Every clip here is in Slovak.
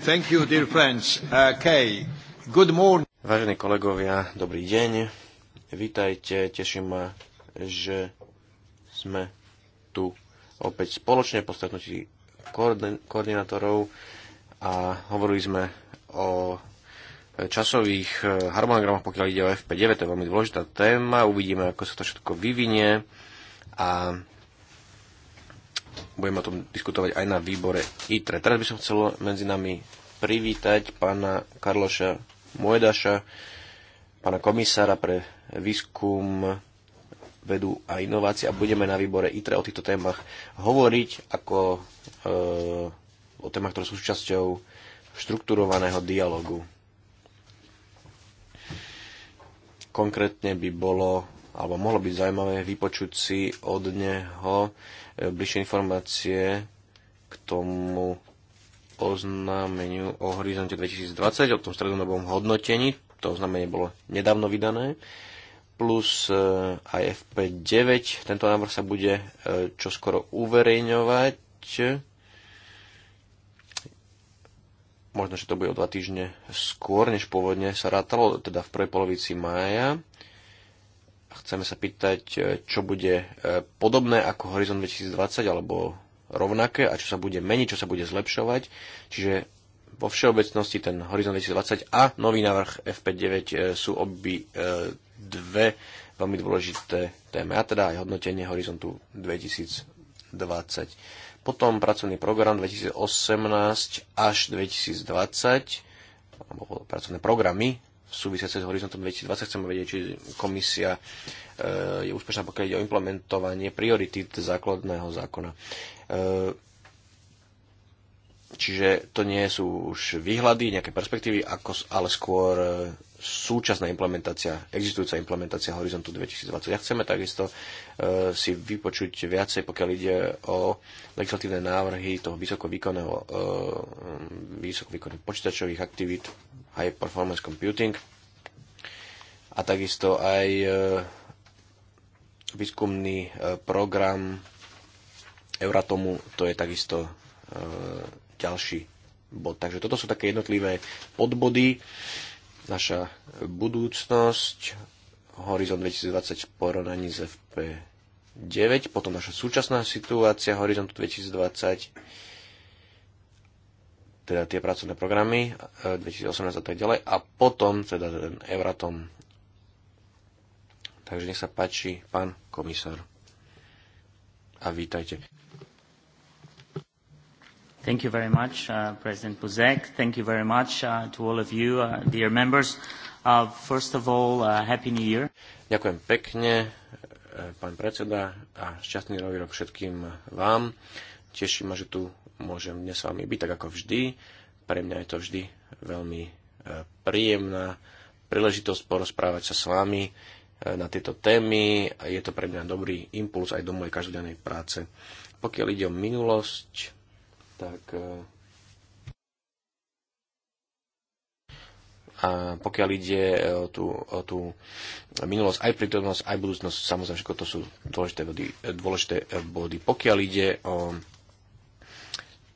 Uh, Vážení kolegovia, dobrý deň. Vítajte, teším ma, že sme tu opäť spoločne po stretnutí koordinátorov a hovorili sme o časových eh, harmonogramoch, pokiaľ ide o FP9, to je veľmi dôležitá téma, uvidíme, ako sa to všetko vyvinie a budeme o tom diskutovať aj na výbore ITRE. Teraz by som chcel medzi nami privítať pána Karloša Mojedaša, pána komisára pre výskum vedu a inovácie a budeme na výbore ITRE o týchto témach hovoriť ako e, o témach, ktoré sú súčasťou štrukturovaného dialogu. Konkrétne by bolo alebo mohlo byť zaujímavé vypočuť si od neho e, bližšie informácie k tomu oznámeniu o horizonte 2020, o tom strednodobom hodnotení, to oznámenie bolo nedávno vydané, plus e, aj FP9, tento návrh sa bude e, čoskoro uverejňovať, možno, že to bude o dva týždne skôr, než pôvodne sa rátalo, teda v prvej polovici mája. Chceme sa pýtať, e, čo bude e, podobné ako Horizon 2020 alebo rovnaké a čo sa bude meniť, čo sa bude zlepšovať. Čiže vo všeobecnosti ten Horizon 2020 a nový návrh FP9 e, sú obi dve veľmi dôležité témy, a teda aj hodnotenie Horizontu 2020. Potom pracovný program 2018 až 2020, alebo pracovné programy súvisiaci s horizontom 2020. Chceme vedieť, či komisia e, je úspešná, pokiaľ ide o implementovanie priority základného zákona. E, čiže to nie sú už výhľady, nejaké perspektívy, ako, ale skôr e, súčasná implementácia, existujúca implementácia Horizontu 2020. Ja chceme takisto si vypočuť viacej, pokiaľ ide o legislatívne návrhy toho vysokovýkonného, vysokovýkonných počítačových aktivít high performance computing a takisto aj e, výskumný e, program Euratomu, to je takisto e, ďalší bod. Takže toto sú také jednotlivé podbody. Naša budúcnosť, Horizon 2020 v porovnaní s FP9, potom naša súčasná situácia Horizon 2020, teda tie pracovné programy 2018 e, a tak ďalej a potom teda ten Euratom. Takže nech sa páči, pán komisár. A vítajte. Thank you very much, uh, President Buzek. Thank you very much uh, to all of you, uh, dear members. Uh, first of all, uh, Happy New Year. Ďakujem pekne, e, pán predseda, a šťastný nový rok všetkým vám. Teší ma, že tu môžem dnes s vami byť, tak ako vždy. Pre mňa je to vždy veľmi e, príjemná príležitosť porozprávať sa s vami e, na tieto témy. Je to pre mňa dobrý impuls aj do mojej každodennej práce. Pokiaľ ide o minulosť, tak e, a pokiaľ ide o tú, o tú minulosť, aj prítomnosť, aj budúcnosť, samozrejme všetko to sú dôležité body, dôležité body. Pokiaľ ide o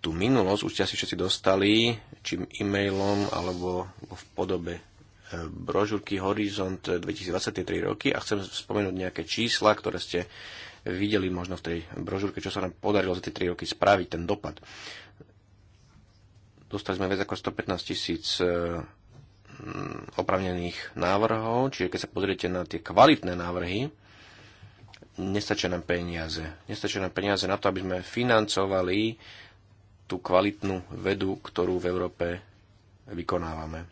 tú minulosť už ste asi všetci dostali, či e-mailom, alebo v podobe e, brožúrky Horizont 2023 roky a chcem spomenúť nejaké čísla, ktoré ste videli možno v tej brožúrke, čo sa nám podarilo za tie 3 roky spraviť, ten dopad. Dostali sme viac ako 115 tisíc e, mm, opravnených návrhov, čiže keď sa pozriete na tie kvalitné návrhy, nestačia nám peniaze. Nestačia nám peniaze na to, aby sme financovali tú kvalitnú vedu, ktorú v Európe vykonávame.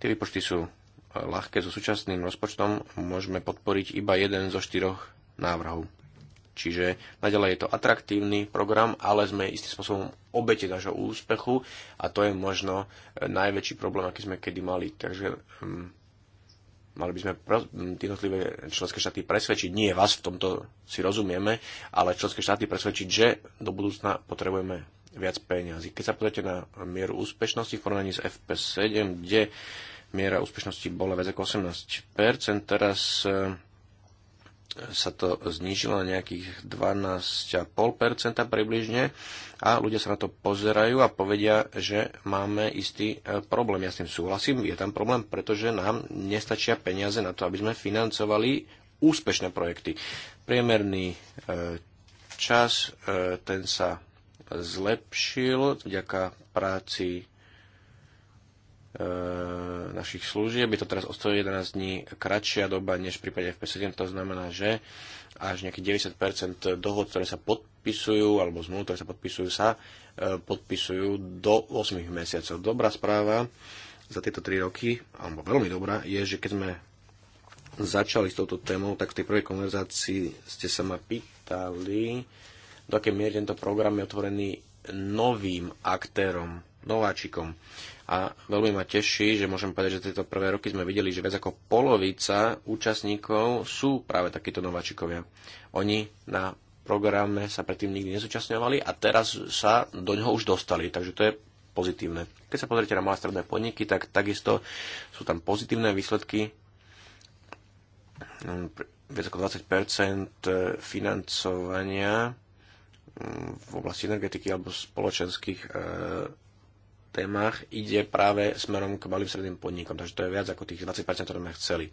Tie výpočty sú ľahké, so súčasným rozpočtom môžeme podporiť iba jeden zo štyroch návrhov. Čiže naďalej je to atraktívny program, ale sme istým spôsobom obete nášho úspechu a to je možno najväčší problém, aký sme kedy mali. Takže hm, mali by sme mm, jednotlivé členské štáty presvedčiť, nie vás v tomto si rozumieme, ale členské štáty presvedčiť, že do budúcna potrebujeme viac peniazy. Keď sa pozrite na mieru úspešnosti v porovnaní s FP7, kde miera úspešnosti bola viac ako 18%, teraz eh, sa to znížilo na nejakých 12,5% približne a ľudia sa na to pozerajú a povedia, že máme istý eh, problém. Ja s tým súhlasím, je tam problém, pretože nám nestačia peniaze na to, aby sme financovali úspešné projekty. Priemerný eh, čas, ten sa zlepšil vďaka práci e, našich služieb. Je to teraz o 111 dní kratšia doba než v prípade FP7. To znamená, že až nejaký 90% dohod, ktoré sa podpisujú, alebo zmluv, ktoré sa podpisujú, sa e, podpisujú do 8 mesiacov. Dobrá správa za tieto 3 roky, alebo veľmi dobrá, je, že keď sme začali s touto témou, tak v tej prvej konverzácii ste sa ma pýtali, do akej miery tento program je otvorený novým aktérom, nováčikom. A veľmi ma teší, že môžem povedať, že tieto prvé roky sme videli, že viac ako polovica účastníkov sú práve takíto nováčikovia. Oni na programe sa predtým nikdy nezúčastňovali a teraz sa do ňoho už dostali, takže to je pozitívne. Keď sa pozriete na malé stredné podniky, tak takisto sú tam pozitívne výsledky. Hm, viac ako 20% e, financovania v oblasti energetiky alebo spoločenských e, témach ide práve smerom k malým stredným podnikom. Takže to je viac ako tých 20%, ktoré sme chceli.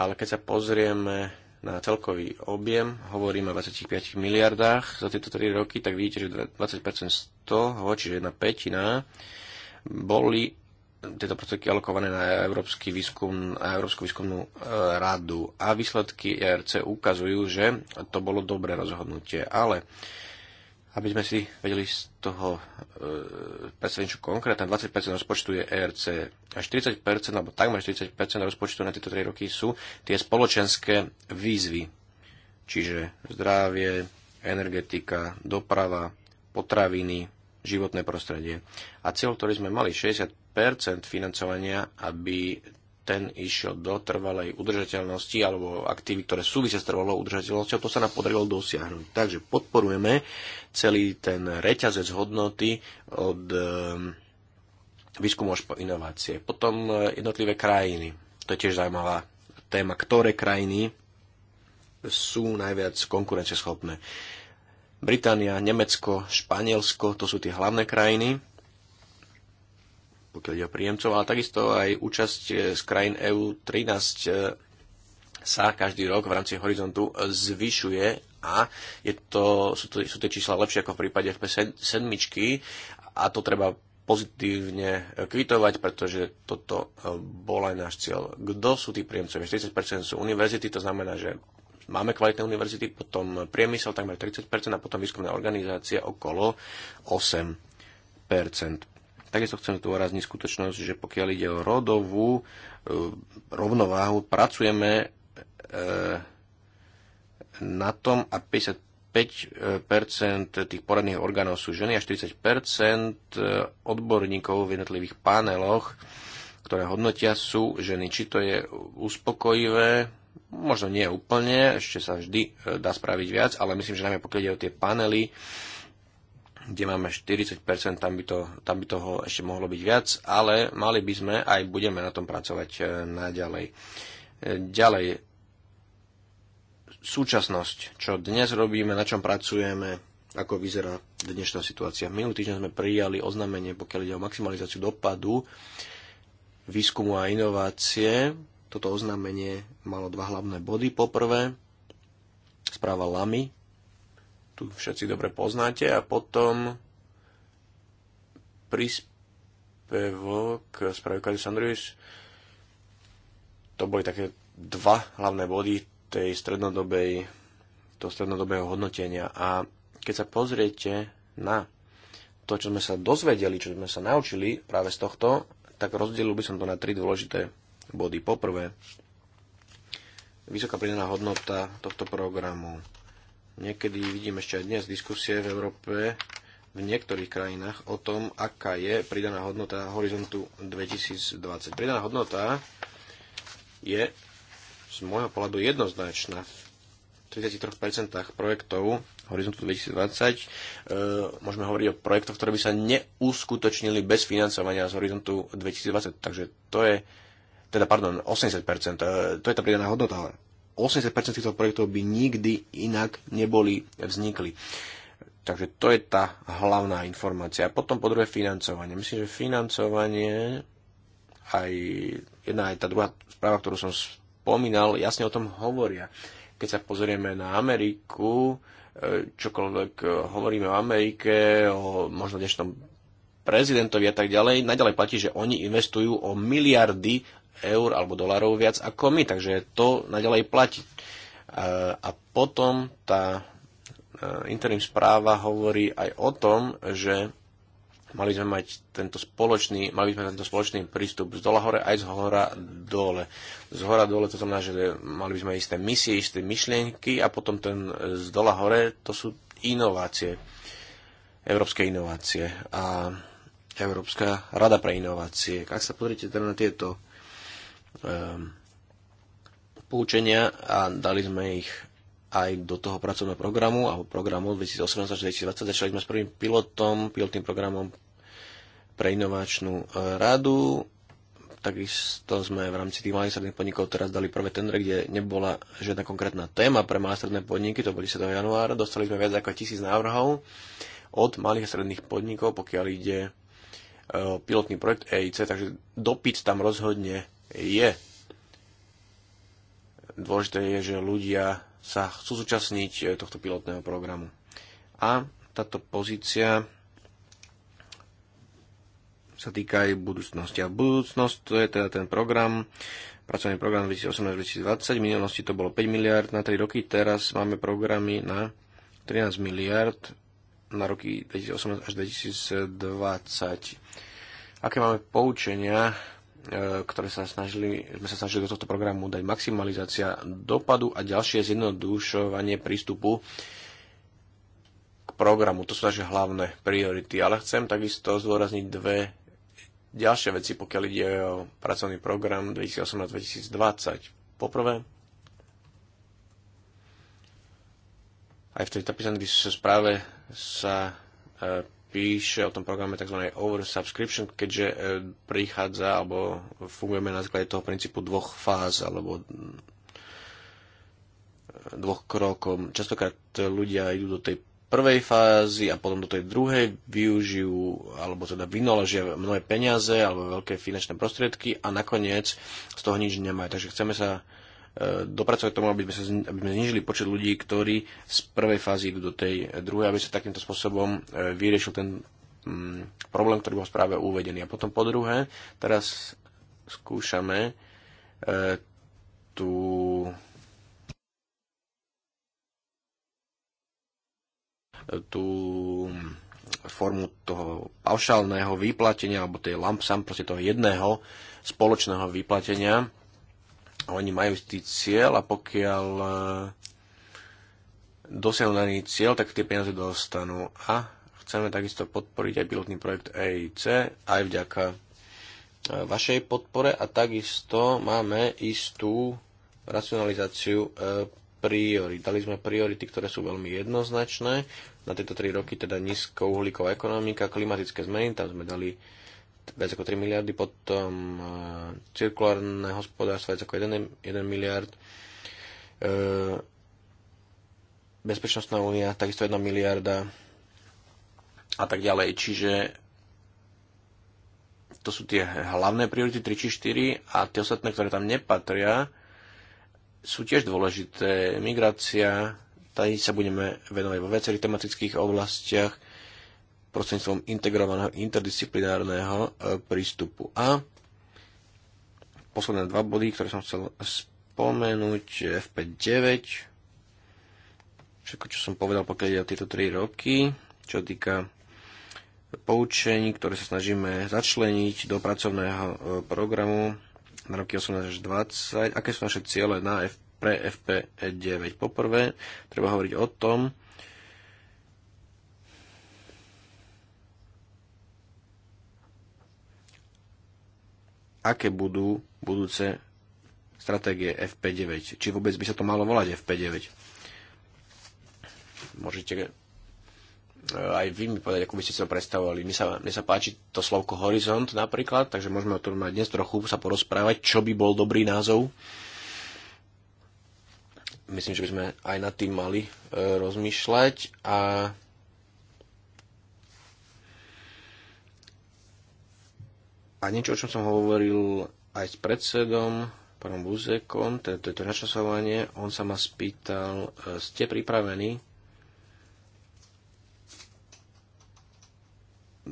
Ale keď sa pozrieme na celkový objem, hovoríme o 25 miliardách za tieto 3 roky, tak vidíte, že 20% z toho, čiže jedna petina, boli tieto prostriedky alokované na, Európsky výskum, na Európsku výskumnú e, radu a výsledky ERC ukazujú, že to bolo dobré rozhodnutie, ale aby sme si vedeli z toho e, predstaviť niečo konkrétne, 20% rozpočtu je ERC a 40%, alebo takmer 40% rozpočtu na tieto 3 roky sú tie spoločenské výzvy, čiže zdravie, energetika, doprava, potraviny, životné prostredie. A cieľ, ktorý sme mali, 60 percent financovania, aby ten išiel do trvalej udržateľnosti alebo aktivít, ktoré súvisia s trvalou udržateľnosťou, to sa nám podarilo dosiahnuť. Takže podporujeme celý ten reťazec hodnoty od ehm, výskumu až po inovácie. Potom eh, jednotlivé krajiny. To je tiež zaujímavá téma, ktoré krajiny sú najviac konkurenceschopné. Británia, Nemecko, Španielsko, to sú tie hlavné krajiny pokiaľ ide o príjemcov, ale takisto aj účasť eh, z krajín EU 13 eh, sa každý rok v rámci horizontu zvyšuje a je to, sú, to, sú tie čísla lepšie ako v prípade FP7 a to treba pozitívne eh, kvitovať, pretože toto bol aj náš cieľ. Kto sú tí príjemcovia? 40% sú univerzity, to znamená, že máme kvalitné univerzity, potom priemysel takmer 30% a potom výskumné organizácie okolo 8%. Takisto chcem zdôrazniť skutočnosť, že pokiaľ ide o rodovú e, rovnováhu, pracujeme e, na tom a 55% tých poradných orgánov sú ženy a 40% e, odborníkov v jednotlivých paneloch, ktoré hodnotia, sú ženy. Či to je uspokojivé, možno nie úplne, ešte sa vždy e, dá spraviť viac, ale myslím, že najmä pokiaľ ide o tie panely, kde máme 40%, tam by, to, tam by toho ešte mohlo byť viac, ale mali by sme aj budeme na tom pracovať e, naďalej. E, ďalej, súčasnosť, čo dnes robíme, na čom pracujeme, ako vyzerá dnešná situácia. Minulý týždeň sme prijali oznámenie, pokiaľ ide o maximalizáciu dopadu výskumu a inovácie. Toto oznámenie malo dva hlavné body. Poprvé, správa LAMI, tu všetci dobre poznáte a potom príspevok správy Sandrius. To boli také dva hlavné body tej strednodobej, toho strednodobého hodnotenia. A keď sa pozriete na to, čo sme sa dozvedeli, čo sme sa naučili práve z tohto, tak rozdielil by som to na tri dôležité body. Poprvé, vysoká pridaná hodnota tohto programu Niekedy vidím ešte aj dnes diskusie v Európe, v niektorých krajinách, o tom, aká je pridaná hodnota horizontu 2020. Pridaná hodnota je z môjho pohľadu jednoznačná. V 33% projektov horizontu 2020 e, môžeme hovoriť o projektoch, ktoré by sa neuskutočnili bez financovania z horizontu 2020. Takže to je teda pardon, 80%. E, to je tá pridaná hodnota, ale 80% týchto projektov by nikdy inak neboli vznikli. Takže to je tá hlavná informácia. A potom po druhé financovanie. Myslím, že financovanie, aj jedna aj tá druhá správa, ktorú som spomínal, jasne o tom hovoria. Keď sa pozrieme na Ameriku, e, čokoľvek e, hovoríme o Amerike, o možno dnešnom prezidentovi a tak ďalej, naďalej platí, že oni investujú o miliardy eur alebo dolarov viac ako my, takže to naďalej platí. Eh, a potom tá eh, interim správa hovorí aj o tom, že mali sme mať tento spoločný, mali sme tento spoločný prístup z dola hore aj z hora dole. Z hora dole to znamená, že mali by sme isté misie, isté myšlienky a potom ten eh, z dola hore to sú inovácie, európske inovácie a Európska rada pre inovácie. Ak sa pozrite teda na tieto Ehm, poučenia a dali sme ich aj do toho pracovného programu a programu 2018-2020. Začali sme s prvým pilotom, pilotným programom pre inovačnú e, radu. Takisto sme v rámci tých malých stredných podnikov teraz dali prvé tendre, kde nebola žiadna konkrétna téma pre malé stredné podniky, to bolo 10. januára. Dostali sme viac ako tisíc návrhov od malých a stredných podnikov, pokiaľ ide e, pilotný projekt EIC, takže dopyt tam rozhodne je. Dôležité je, že ľudia sa chcú zúčastniť eh, tohto pilotného programu. A táto pozícia sa týka aj budúcnosti. A budúcnosť to je teda ten program, pracovný program 2018-2020. V minulosti to bolo 5 miliard na 3 roky, teraz máme programy na 13 miliard na roky 2018 až 2020. Aké máme poučenia E, ktoré sa snažili, sme sa snažili do tohto programu dať maximalizácia dopadu a ďalšie zjednodušovanie prístupu k programu. To sú naše hlavné priority, ale chcem takisto zdôrazniť dve ďalšie veci, pokiaľ ide o pracovný program 2018-2020. Poprvé, aj v tej tapisanej správe sa e, píše o tom programe tzv. oversubscription, keďže e, prichádza alebo fungujeme na základe toho princípu dvoch fáz alebo e, dvoch krokov. Častokrát ľudia idú do tej prvej fázy a potom do tej druhej využijú alebo teda vynaložia mnohé peniaze alebo veľké finančné prostriedky a nakoniec z toho nič nemajú. Takže chceme sa dopracovať k tomu, aby sme, sa, aby sme znižili počet ľudí, ktorí z prvej fázy idú do tej druhej, aby sa takýmto spôsobom e, vyriešil ten mm, problém, ktorý bol správe uvedený. A potom po druhé, teraz skúšame e, tú tú formu toho paušálneho vyplatenia alebo tej lampsam, proste toho jedného spoločného vyplatenia oni majú tý cieľ a pokiaľ e, dosiahnu daný cieľ, tak tie peniaze dostanú. A chceme takisto podporiť aj pilotný projekt EIC, aj vďaka e, vašej podpore a takisto máme istú racionalizáciu e, priorit. Dali sme priority, ktoré sú veľmi jednoznačné. Na tieto tri roky teda nízkouhlíková ekonomika, klimatické zmeny, tam sme dali viac ako 3 miliardy, potom e, cirkulárne hospodárstvo viac ako 1, 1 miliard, e, bezpečnostná únia takisto 1 miliarda a tak ďalej. Čiže to sú tie hlavné priority 3 či 4 a tie ostatné, ktoré tam nepatria, sú tiež dôležité. Migrácia, tady sa budeme venovať vo viacerých tematických oblastiach, prostredníctvom integrovaného interdisciplinárneho e, prístupu. A posledné dva body, ktoré som chcel spomenúť, FP9, všetko, čo som povedal, pokiaľ ide o tieto 3 roky, čo týka poučení, ktoré sa snažíme začleniť do pracovného e, programu na roky 18 až 20. Aké sú naše ciele na F, pre FP9? Poprvé, treba hovoriť o tom, aké budú budúce stratégie FP9. Či vôbec by sa to malo volať FP9. Môžete e, aj vy mi povedať, ako by ste si to predstavovali. Mne sa, mne sa páči to slovko horizont napríklad, takže môžeme o tom aj dnes trochu sa porozprávať, čo by bol dobrý názov. Myslím, že by sme aj nad tým mali e, rozmýšľať a A niečo, o čom som hovoril aj s predsedom, pánom Buzekom, to je to načasovanie, on sa ma spýtal, e, ste pripravení?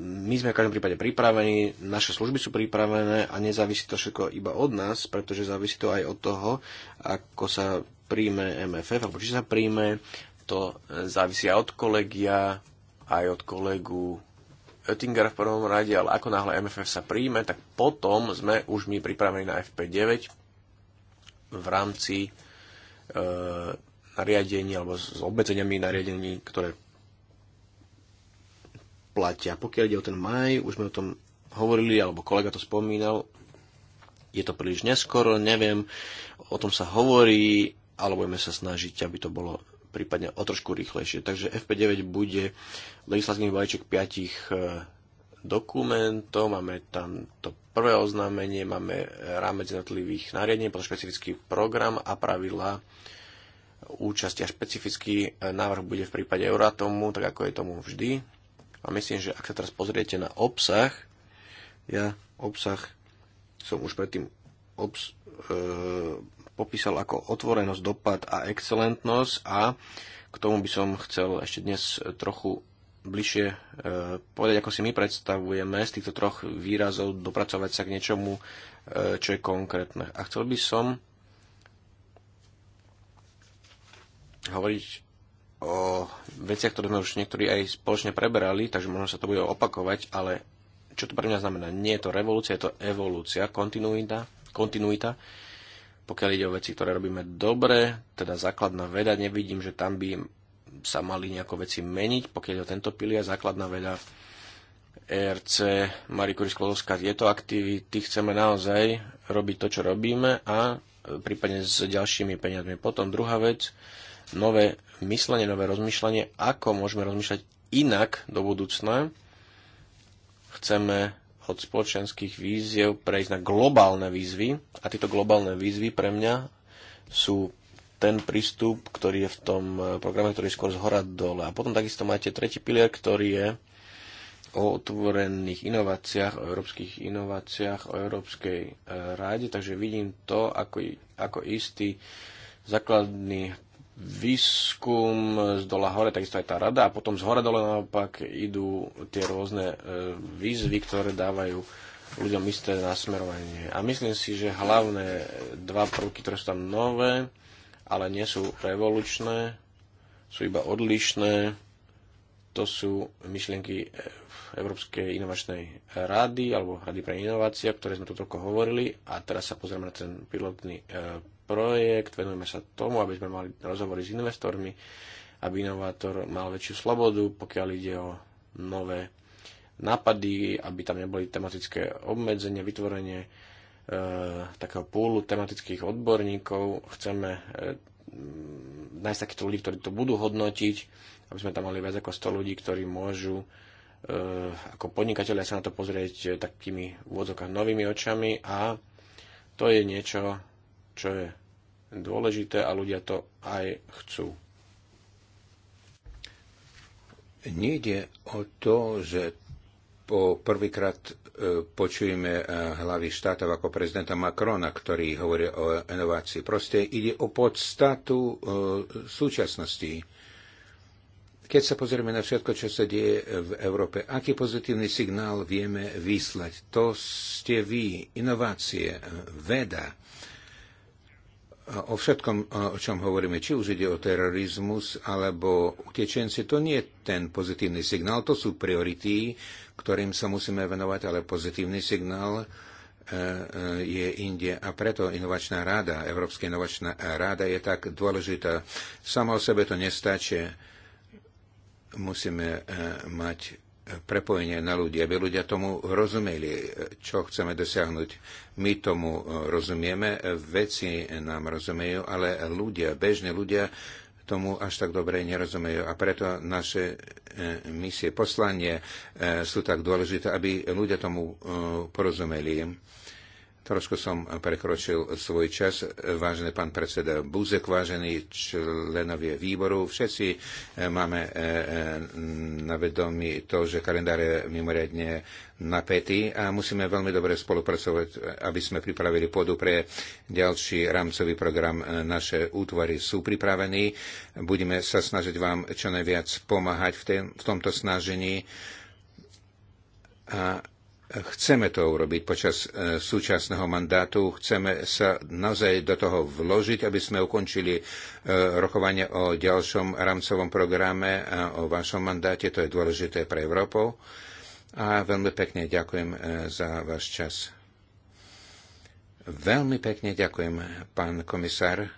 My sme v každom prípade pripravení, naše služby sú pripravené a nezávisí to všetko iba od nás, pretože závisí to aj od toho, ako sa príjme MFF, alebo či sa príjme, to e, závisí aj od kolegia, aj od kolegu Oettinger v prvom rade, ale ako náhle MFF sa príjme, tak potom sme už my pripravení na FP9 v rámci e, nariadení alebo s obmedzeniami nariadení, ktoré platia. Pokiaľ ide o ten maj, už sme o tom hovorili, alebo kolega to spomínal, je to príliš neskoro, neviem, o tom sa hovorí, ale budeme sa snažiť, aby to bolo prípadne o trošku rýchlejšie. Takže FP9 bude legislatívny balíček piatich e, dokumentov, máme tam to prvé oznámenie, máme rámec jednotlivých nariadení, potom špecifický program a pravidla účasti a špecifický e, návrh bude v prípade Euratomu, tak ako je tomu vždy. A myslím, že ak sa teraz pozriete na obsah, ja obsah som už predtým obs, e, popísal ako otvorenosť, dopad a excelentnosť a k tomu by som chcel ešte dnes trochu bližšie e, povedať, ako si my predstavujeme z týchto troch výrazov dopracovať sa k niečomu, e, čo je konkrétne. A chcel by som hovoriť o veciach, ktoré sme už niektorí aj spoločne preberali, takže možno sa to bude opakovať, ale čo to pre mňa znamená? Nie je to revolúcia, je to evolúcia, kontinuita, kontinuita pokiaľ ide o veci, ktoré robíme dobre, teda základná veda, nevidím, že tam by sa mali nejako veci meniť. Pokiaľ ide o tento pilier, základná veda, ERC, Marie Curie Sklodovská, tieto aktivity chceme naozaj robiť to, čo robíme a e, prípadne s ďalšími peniazmi. Potom druhá vec, nové myslenie, nové rozmýšľanie, ako môžeme rozmýšľať inak do budúcna. Chceme od spoločenských víziev prejsť na globálne výzvy a tieto globálne výzvy pre mňa sú ten prístup, ktorý je v tom eh, programe, ktorý je skôr z hora dole. A potom takisto máte tretí pilier, ktorý je o otvorených inováciách, o európskych inováciách, o Európskej eh, ráde, takže vidím to ako, ako istý základný výskum z dola hore, takisto aj tá rada a potom z hora dole naopak idú tie rôzne e, výzvy, ktoré dávajú ľuďom isté nasmerovanie. A myslím si, že hlavné dva prvky, ktoré sú tam nové, ale nie sú revolučné, sú iba odlišné, to sú myšlienky e, Európskej inovačnej rady alebo Rady pre inovácia, o ktorej sme tu toľko hovorili a teraz sa pozrieme na ten pilotný e, projekt, venujeme sa tomu, aby sme mali rozhovory s investormi, aby inovátor mal väčšiu slobodu, pokiaľ ide o nové nápady, aby tam neboli tematické obmedzenia, vytvorenie e, takého púlu tematických odborníkov. Chceme e, nájsť takýchto ľudí, ktorí to budú hodnotiť, aby sme tam mali viac ako 100 ľudí, ktorí môžu E, ako podnikateľia sa na to pozrieť takými úvodzokách novými očami a to je niečo, čo je dôležité a ľudia to aj chcú. Nejde o to, že po prvýkrát e, počujeme e, hlavy štátov ako prezidenta Macrona, ktorý hovorí o inovácii. Proste ide o podstatu súčasnosti keď sa pozrieme na všetko, čo sa deje v Európe, aký pozitívny signál vieme vyslať? To ste vy, inovácie, veda. O všetkom, o čom hovoríme, či už ide o terorizmus alebo utečenci, to nie je ten pozitívny signál, to sú priority, ktorým sa musíme venovať, ale pozitívny signál e, e, je Indie a preto inovačná rada, Európska inovačná rada je tak dôležitá. Sama o sebe to nestačí musíme e, mať prepojenie na ľudí, aby ľudia tomu rozumeli, e, čo chceme dosiahnuť. My tomu e, rozumieme, veci nám rozumejú, ale ľudia, bežní ľudia tomu až tak dobre nerozumejú. A preto naše misie, poslanie sú tak dôležité, aby ľudia tomu porozumeli. Trošku som prekročil svoj čas. Vážený pán predseda Buzek, vážení členovie výboru, všetci eh, máme eh, eh, na vedomí to, že kalendár je mimoriadne napätý a musíme veľmi dobre spolupracovať, aby sme pripravili pôdu pre ďalší rámcový program. Naše útvary sú pripravení. Budeme sa snažiť vám čo najviac pomáhať v, tém, v tomto snažení. A Chceme to urobiť počas e, súčasného mandátu, chceme sa naozaj do toho vložiť, aby sme ukončili e, rokovanie o ďalšom rámcovom programe a e, o vašom mandáte, to je dôležité pre Európu. A veľmi pekne ďakujem za váš čas. Veľmi pekne ďakujem, pán komisár.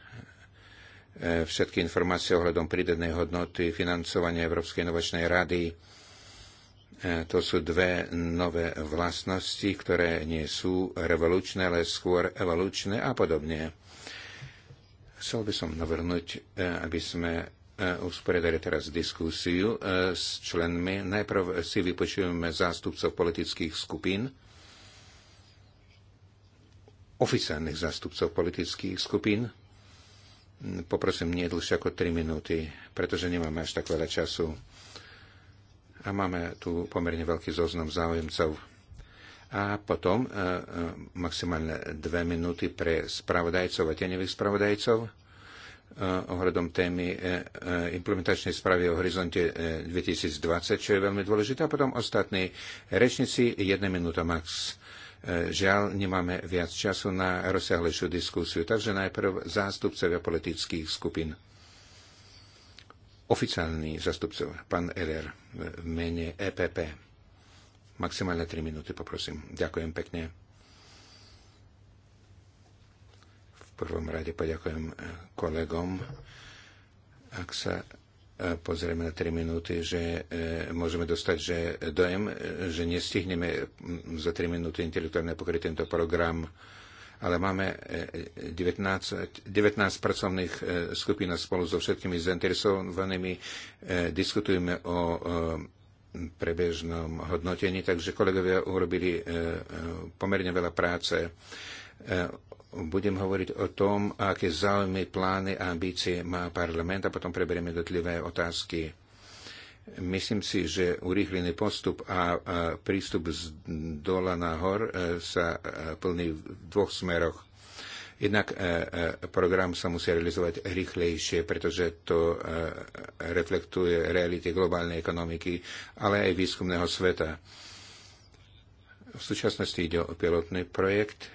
Všetky informácie ohľadom pridanej hodnoty financovania Európskej inovačnej rady E, to sú dve nové vlastnosti, ktoré nie sú revolučné, ale skôr evolučné a podobne. Chcel by som navrhnúť, e, aby sme e, usporiadali teraz diskusiu s členmi. Najprv si vypočujeme zástupcov politických skupín, oficiálnych zástupcov politických skupín. Poprosím nie dlhšie ako 3 minúty, pretože nemáme až tak veľa času a máme tu pomerne veľký zoznam záujemcov. A potom e, e maximálne dve minúty pre spravodajcov a tenevých spravodajcov e, ohľadom témy e, e, implementačnej správy o horizonte e, 2020, čo je veľmi dôležité. A potom ostatní rečníci, jedna minúta max. E, žiaľ, nemáme viac času na rozsiahlejšiu diskusiu, takže najprv zástupcovia politických skupín oficiálny zastupcov, pán Erer, v mene EPP. Maximálne 3 minúty, poprosím. Ďakujem pekne. V prvom rade poďakujem e, kolegom. Ak sa e, pozrieme na 3 minúty, že e, môžeme dostať že dojem, že nestihneme za 3 minúty intelektuálne pokryť tento program ale máme 19, e, 19 e, pracovných e, skupín a spolu so všetkými zainteresovanými diskutujeme o prebežnom hodnotení, takže kolegovia urobili pomerne veľa práce. Budem hovoriť o tom, aké záujmy, plány a ambície má parlament a potom preberieme dotlivé otázky Myslím si, že urýchlený postup a prístup z dola nahor e, sa e, plní v dvoch smeroch. Jednak e, program sa musí realizovať rýchlejšie, pretože to reflektuje reality globálnej ekonomiky, ale aj výskumného sveta. V súčasnosti ide o pilotný projekt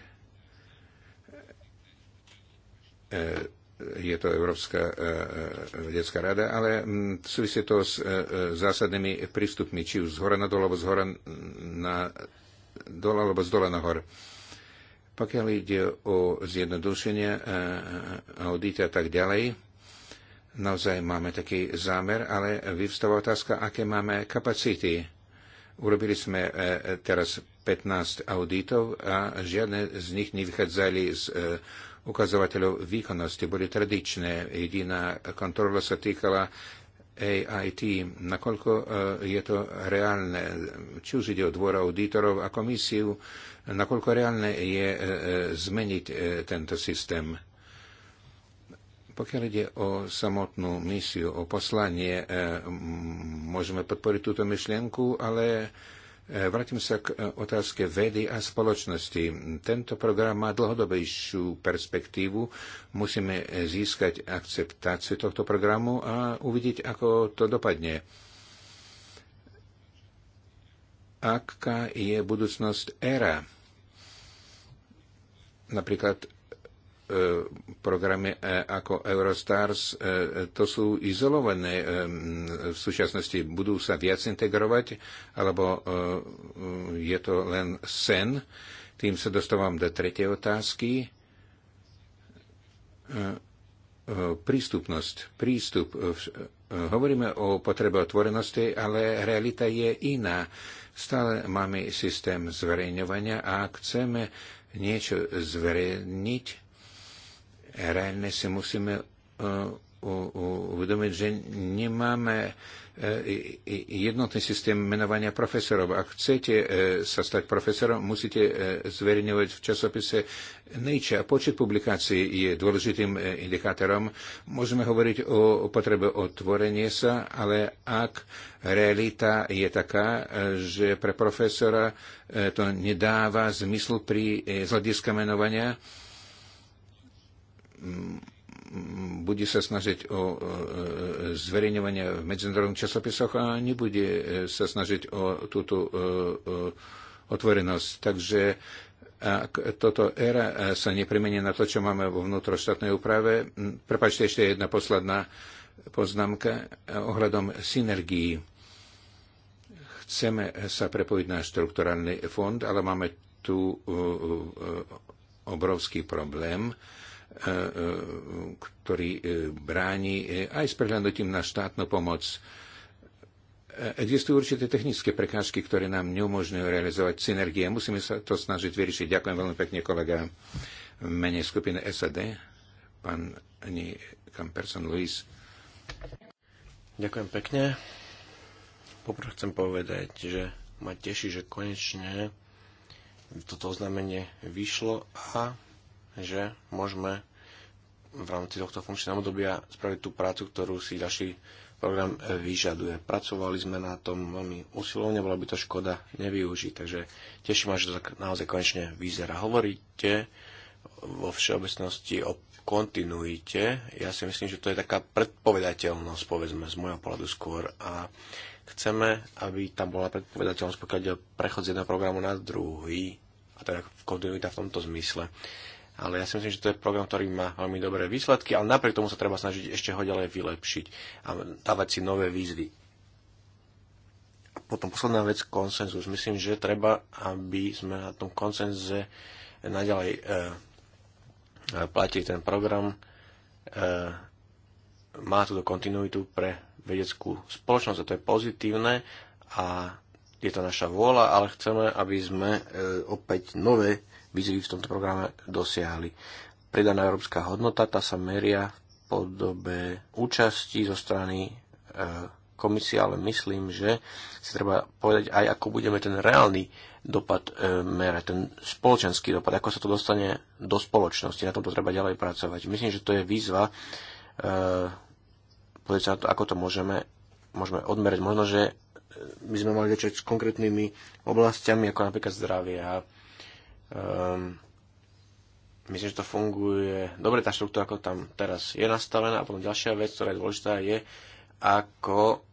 je to Európska e, e, vedecká rada, ale mm, súvisí to s e, zásadnými prístupmi, či už z hora na dole, alebo z hora na dole, alebo z dole na hor. Pokiaľ ide o zjednodušenie audita a tak ďalej, naozaj máme taký zámer, ale vyvstáva otázka, aké máme kapacity. Urobili sme teraz 15 auditov a žiadne z nich nevychádzali z ukazovateľov výkonnosti boli tradičné. Jediná kontrola sa týkala AIT, nakoľko e, je to reálne, či už ide o dvora auditorov a komisiu, nakoľko reálne je e, e, zmeniť tento systém. Pokiaľ ide o samotnú misiu, o poslanie, môžeme podporiť túto myšlienku, ale E, vrátim sa k e, otázke vedy a spoločnosti. Tento program má dlhodobejšiu perspektívu. Musíme e, získať akceptáciu tohto programu a uvidieť, ako to dopadne. Aká je budúcnosť éra? Napríklad E, programe ako Eurostars, e, to sú izolované e, v súčasnosti. Budú sa viac integrovať, alebo je to len sen? Tým sa dostávam do tretej otázky. Prístupnosť. Prístup. Hovoríme o potrebe otvorenosti, ale realita je iná. Stále máme systém zverejňovania a ak chceme niečo zverejniť, reálne si musíme eh, uvedomiť, že nemáme eh, jednotný systém menovania profesorov. Ak chcete eh, sa stať profesorom, musíte zverejňovať v časopise Nature. Počet publikácií je dôležitým indikátorom. Môžeme hovoriť o potrebe otvorenie sa, ale ak realita je taká, že pre profesora to nedáva zmysl pri zľadiska hľadiska menovania, bude sa snažiť o e, zverejňovanie v medzinárodných časopisoch a nebude e, sa snažiť o túto e, otvorenosť. Takže ak toto éra sa nepremení na to, čo máme vo vnútroštátnej úprave, prepačte ešte jedna posledná poznámka ohľadom synergií. Chceme sa prepojiť na štrukturálny fond, ale máme tu obrovský problém. E, e, ktorý e, bráni aj s prehľadnutím na štátnu pomoc. Existujú určité technické prekážky, ktoré nám neumožňujú realizovať synergie. Musíme sa to snažiť vyriešiť. Ďakujem veľmi pekne kolega v mene skupiny SAD, pán Ani Kamperson Luis. Ďakujem pekne. Poprvé chcem povedať, že ma teší, že konečne toto oznámenie vyšlo a že môžeme v rámci tohto funkčného obdobia spraviť tú prácu, ktorú si ďalší program vyžaduje. Pracovali sme na tom veľmi usilovne, bola by to škoda nevyužiť, takže teším ma, že to tak naozaj konečne vyzerá. Hovoríte vo všeobecnosti o kontinuite. Ja si myslím, že to je taká predpovedateľnosť, povedzme, z môjho pohľadu skôr. A chceme, aby tam bola predpovedateľnosť, pokiaľ je prechod z jedného programu na druhý, a teda kontinuita v tomto zmysle ale ja si myslím, že to je program, ktorý má veľmi dobré výsledky, ale napriek tomu sa treba snažiť ešte ho ďalej vylepšiť a dávať si nové výzvy. A potom posledná vec, konsenzus. Myslím, že treba, aby sme na tom konsenze naďalej e, e, platili ten program. E, má túto kontinuitu pre vedeckú spoločnosť a to je pozitívne a je to naša vôľa, ale chceme, aby sme e, opäť nové výzvy v tomto programe dosiahli. Pridaná európska hodnota, tá sa meria v podobe účasti zo strany e, komisie, ale myslím, že si treba povedať aj, ako budeme ten reálny dopad e, merať, ten spoločenský dopad, ako sa to dostane do spoločnosti. Na tomto treba ďalej pracovať. Myslím, že to je výzva, e, povedať sa na to, ako to môžeme, môžeme odmerať. Možno, že by e, sme mali začať s konkrétnymi oblastiami, ako napríklad zdravie a Um, myslím, že to funguje dobre, tá štruktúra, ako tam teraz je nastavená. A potom ďalšia vec, ktorá je dôležitá, je, ako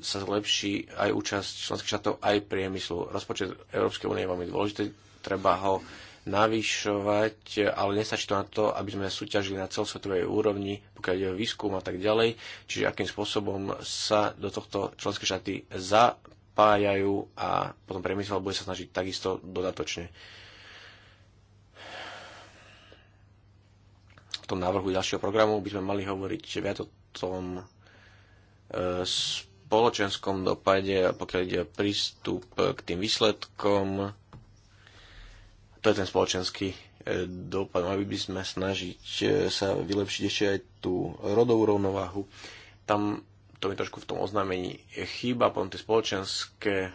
sa zlepší aj účasť členských štátov, aj priemyslu. Rozpočet Európskej únie je veľmi dôležitý, treba ho navyšovať, ale nestačí to na to, aby sme súťažili na celosvetovej úrovni, pokiaľ ide o výskum a tak ďalej, čiže akým spôsobom sa do tohto členské štáty zapájajú a potom priemysel bude sa snažiť takisto dodatočne. v tom návrhu ďalšieho programu by sme mali hovoriť viac o tom e, spoločenskom dopade, pokiaľ ide prístup k tým výsledkom. To je ten spoločenský e, dopad. Mali by sme snažiť e, sa vylepšiť ešte aj tú rodovú rovnováhu. Tam to mi trošku v tom oznámení chýba, potom tie spoločenské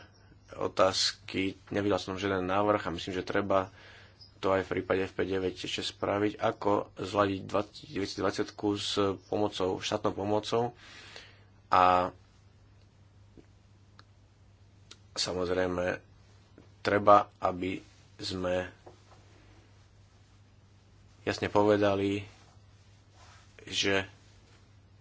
otázky. Nevidel som žiaden návrh a myslím, že treba to aj v prípade FP9 ešte spraviť, ako zladiť 2020 s pomocou, štátnou pomocou a samozrejme treba, aby sme jasne povedali, že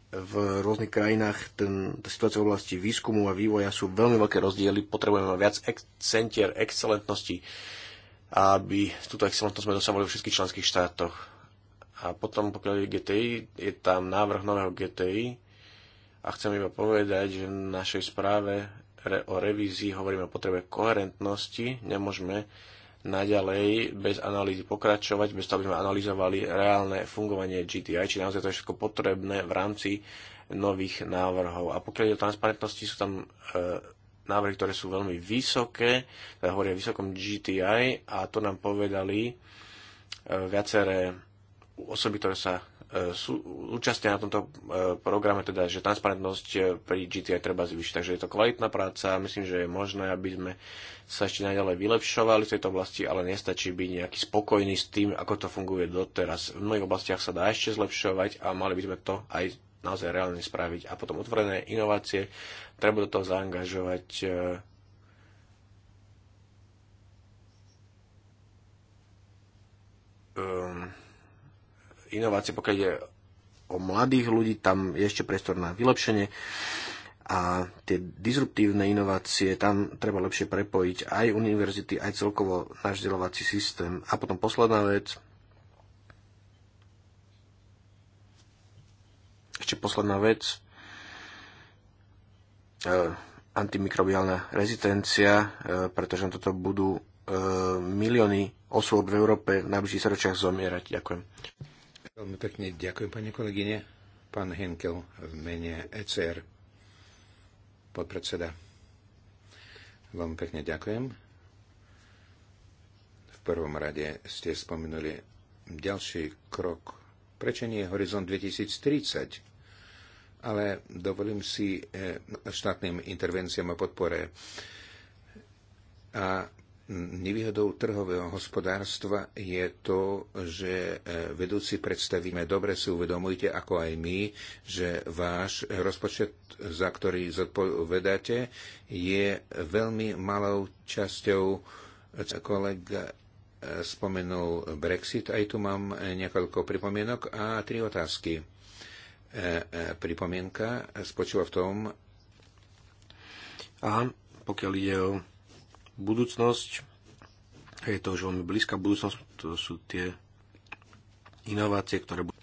v rôznych krajinách ten, tá situácia v oblasti výskumu a vývoja sú veľmi veľké rozdiely, potrebujeme viac ex- centier excelentnosti, aby túto excelentnosť sme dosahovali vo všetkých členských štátoch. A potom, pokiaľ je GTI, je tam návrh nového GTI a chcem iba povedať, že v našej správe o revízii hovoríme o potrebe koherentnosti. Nemôžeme naďalej bez analýzy pokračovať, bez toho, aby sme analyzovali reálne fungovanie GTI, či naozaj to je všetko potrebné v rámci nových návrhov. A pokiaľ je o transparentnosti, sú tam e, návrhy, ktoré sú veľmi vysoké, teda hovoria o vysokom GTI a to nám povedali e, viaceré osoby, ktoré sa e, sú účastne na tomto e, programe, teda, že transparentnosť pri GTI treba zvýšiť. Takže je to kvalitná práca, myslím, že je možné, aby sme sa ešte naďalej vylepšovali v tejto oblasti, ale nestačí byť nejaký spokojný s tým, ako to funguje doteraz. V mnohých oblastiach sa dá ešte zlepšovať a mali by sme to aj naozaj reálne spraviť. A potom otvorené inovácie, treba do toho zaangažovať e, ehm, inovácie, pokiaľ ide o mladých ľudí, tam je ešte priestor na vylepšenie a tie disruptívne inovácie, tam treba lepšie prepojiť aj univerzity, aj celkovo náš vzdelávací systém. A potom posledná vec, Ešte posledná vec. E, antimikrobiálna rezistencia, e, pretože na toto budú e, milióny osôb v Európe v najbližších ročiach zomierať. Ďakujem. Veľmi pekne ďakujem, pani kolegyne. Pán Henkel v mene ECR, podpredseda. Veľmi pekne ďakujem. V prvom rade ste spomenuli ďalší krok. prečenie je Horizont 2030? ale dovolím si e, štátnym intervenciám a podpore. A nevýhodou trhového hospodárstva je to, že e, vedúci predstavíme dobre si uvedomujte, ako aj my, že váš rozpočet, za ktorý zodpovedáte, je veľmi malou časťou kolega e, spomenul Brexit. Aj tu mám niekoľko pripomienok a tri otázky. E, e, pripomienka spočíva v tom, a pokiaľ ide o budúcnosť, je to už veľmi blízka budúcnosť, to sú tie inovácie, ktoré budú.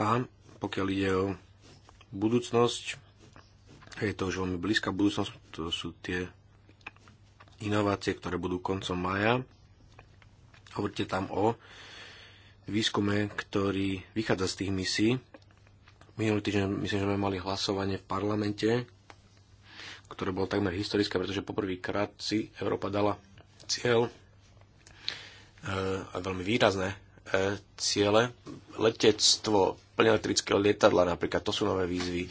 A pokiaľ ide o budúcnosť, je to už veľmi blízka budúcnosť, to sú tie inovácie, ktoré budú koncom maja. Hovoríte tam o výskume, ktorý vychádza z tých misií, Minulý týždeň myslím, že sme mali hlasovanie v parlamente, ktoré bolo takmer historické, pretože poprvýkrát si Európa dala cieľ e, a veľmi výrazné e, ciele. Letectvo, plne elektrického lietadla napríklad, to sú nové výzvy. E,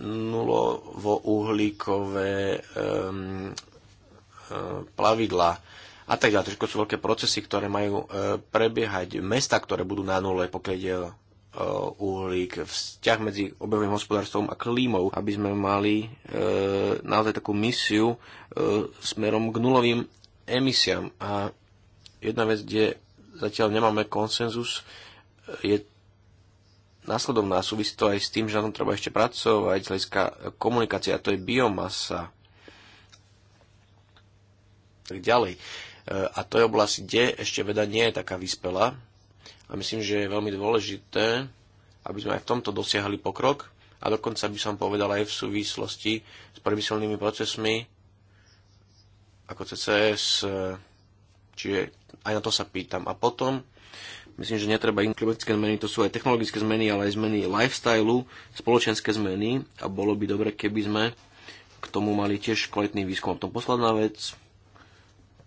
Nulovo uhlíkové plavidla a tak ďalej. To sú veľké procesy, ktoré majú prebiehať. Mesta, ktoré budú na nule, pokiaľ ide Eh, uhlík, vzťah medzi obehovým hospodárstvom a klímou, aby sme mali e, naozaj takú misiu e, smerom k nulovým emisiám. A jedna vec, kde zatiaľ nemáme konsenzus, je následovná. Súvisí to aj s tým, že na tom treba ešte pracovať, hľadiska komunikácia, to je biomasa. Tak ďalej. E, a to je oblasť, kde ešte veda nie je taká vyspelá, a myslím, že je veľmi dôležité, aby sme aj v tomto dosiahli pokrok a dokonca by som povedal aj v súvislosti s priemyselnými procesmi ako CCS, čiže aj na to sa pýtam. A potom, myslím, že netreba iné klimatické zmeny, to sú aj technologické zmeny, ale aj zmeny lifestylu, spoločenské zmeny a bolo by dobre, keby sme k tomu mali tiež kvalitný výskum. A potom posledná vec,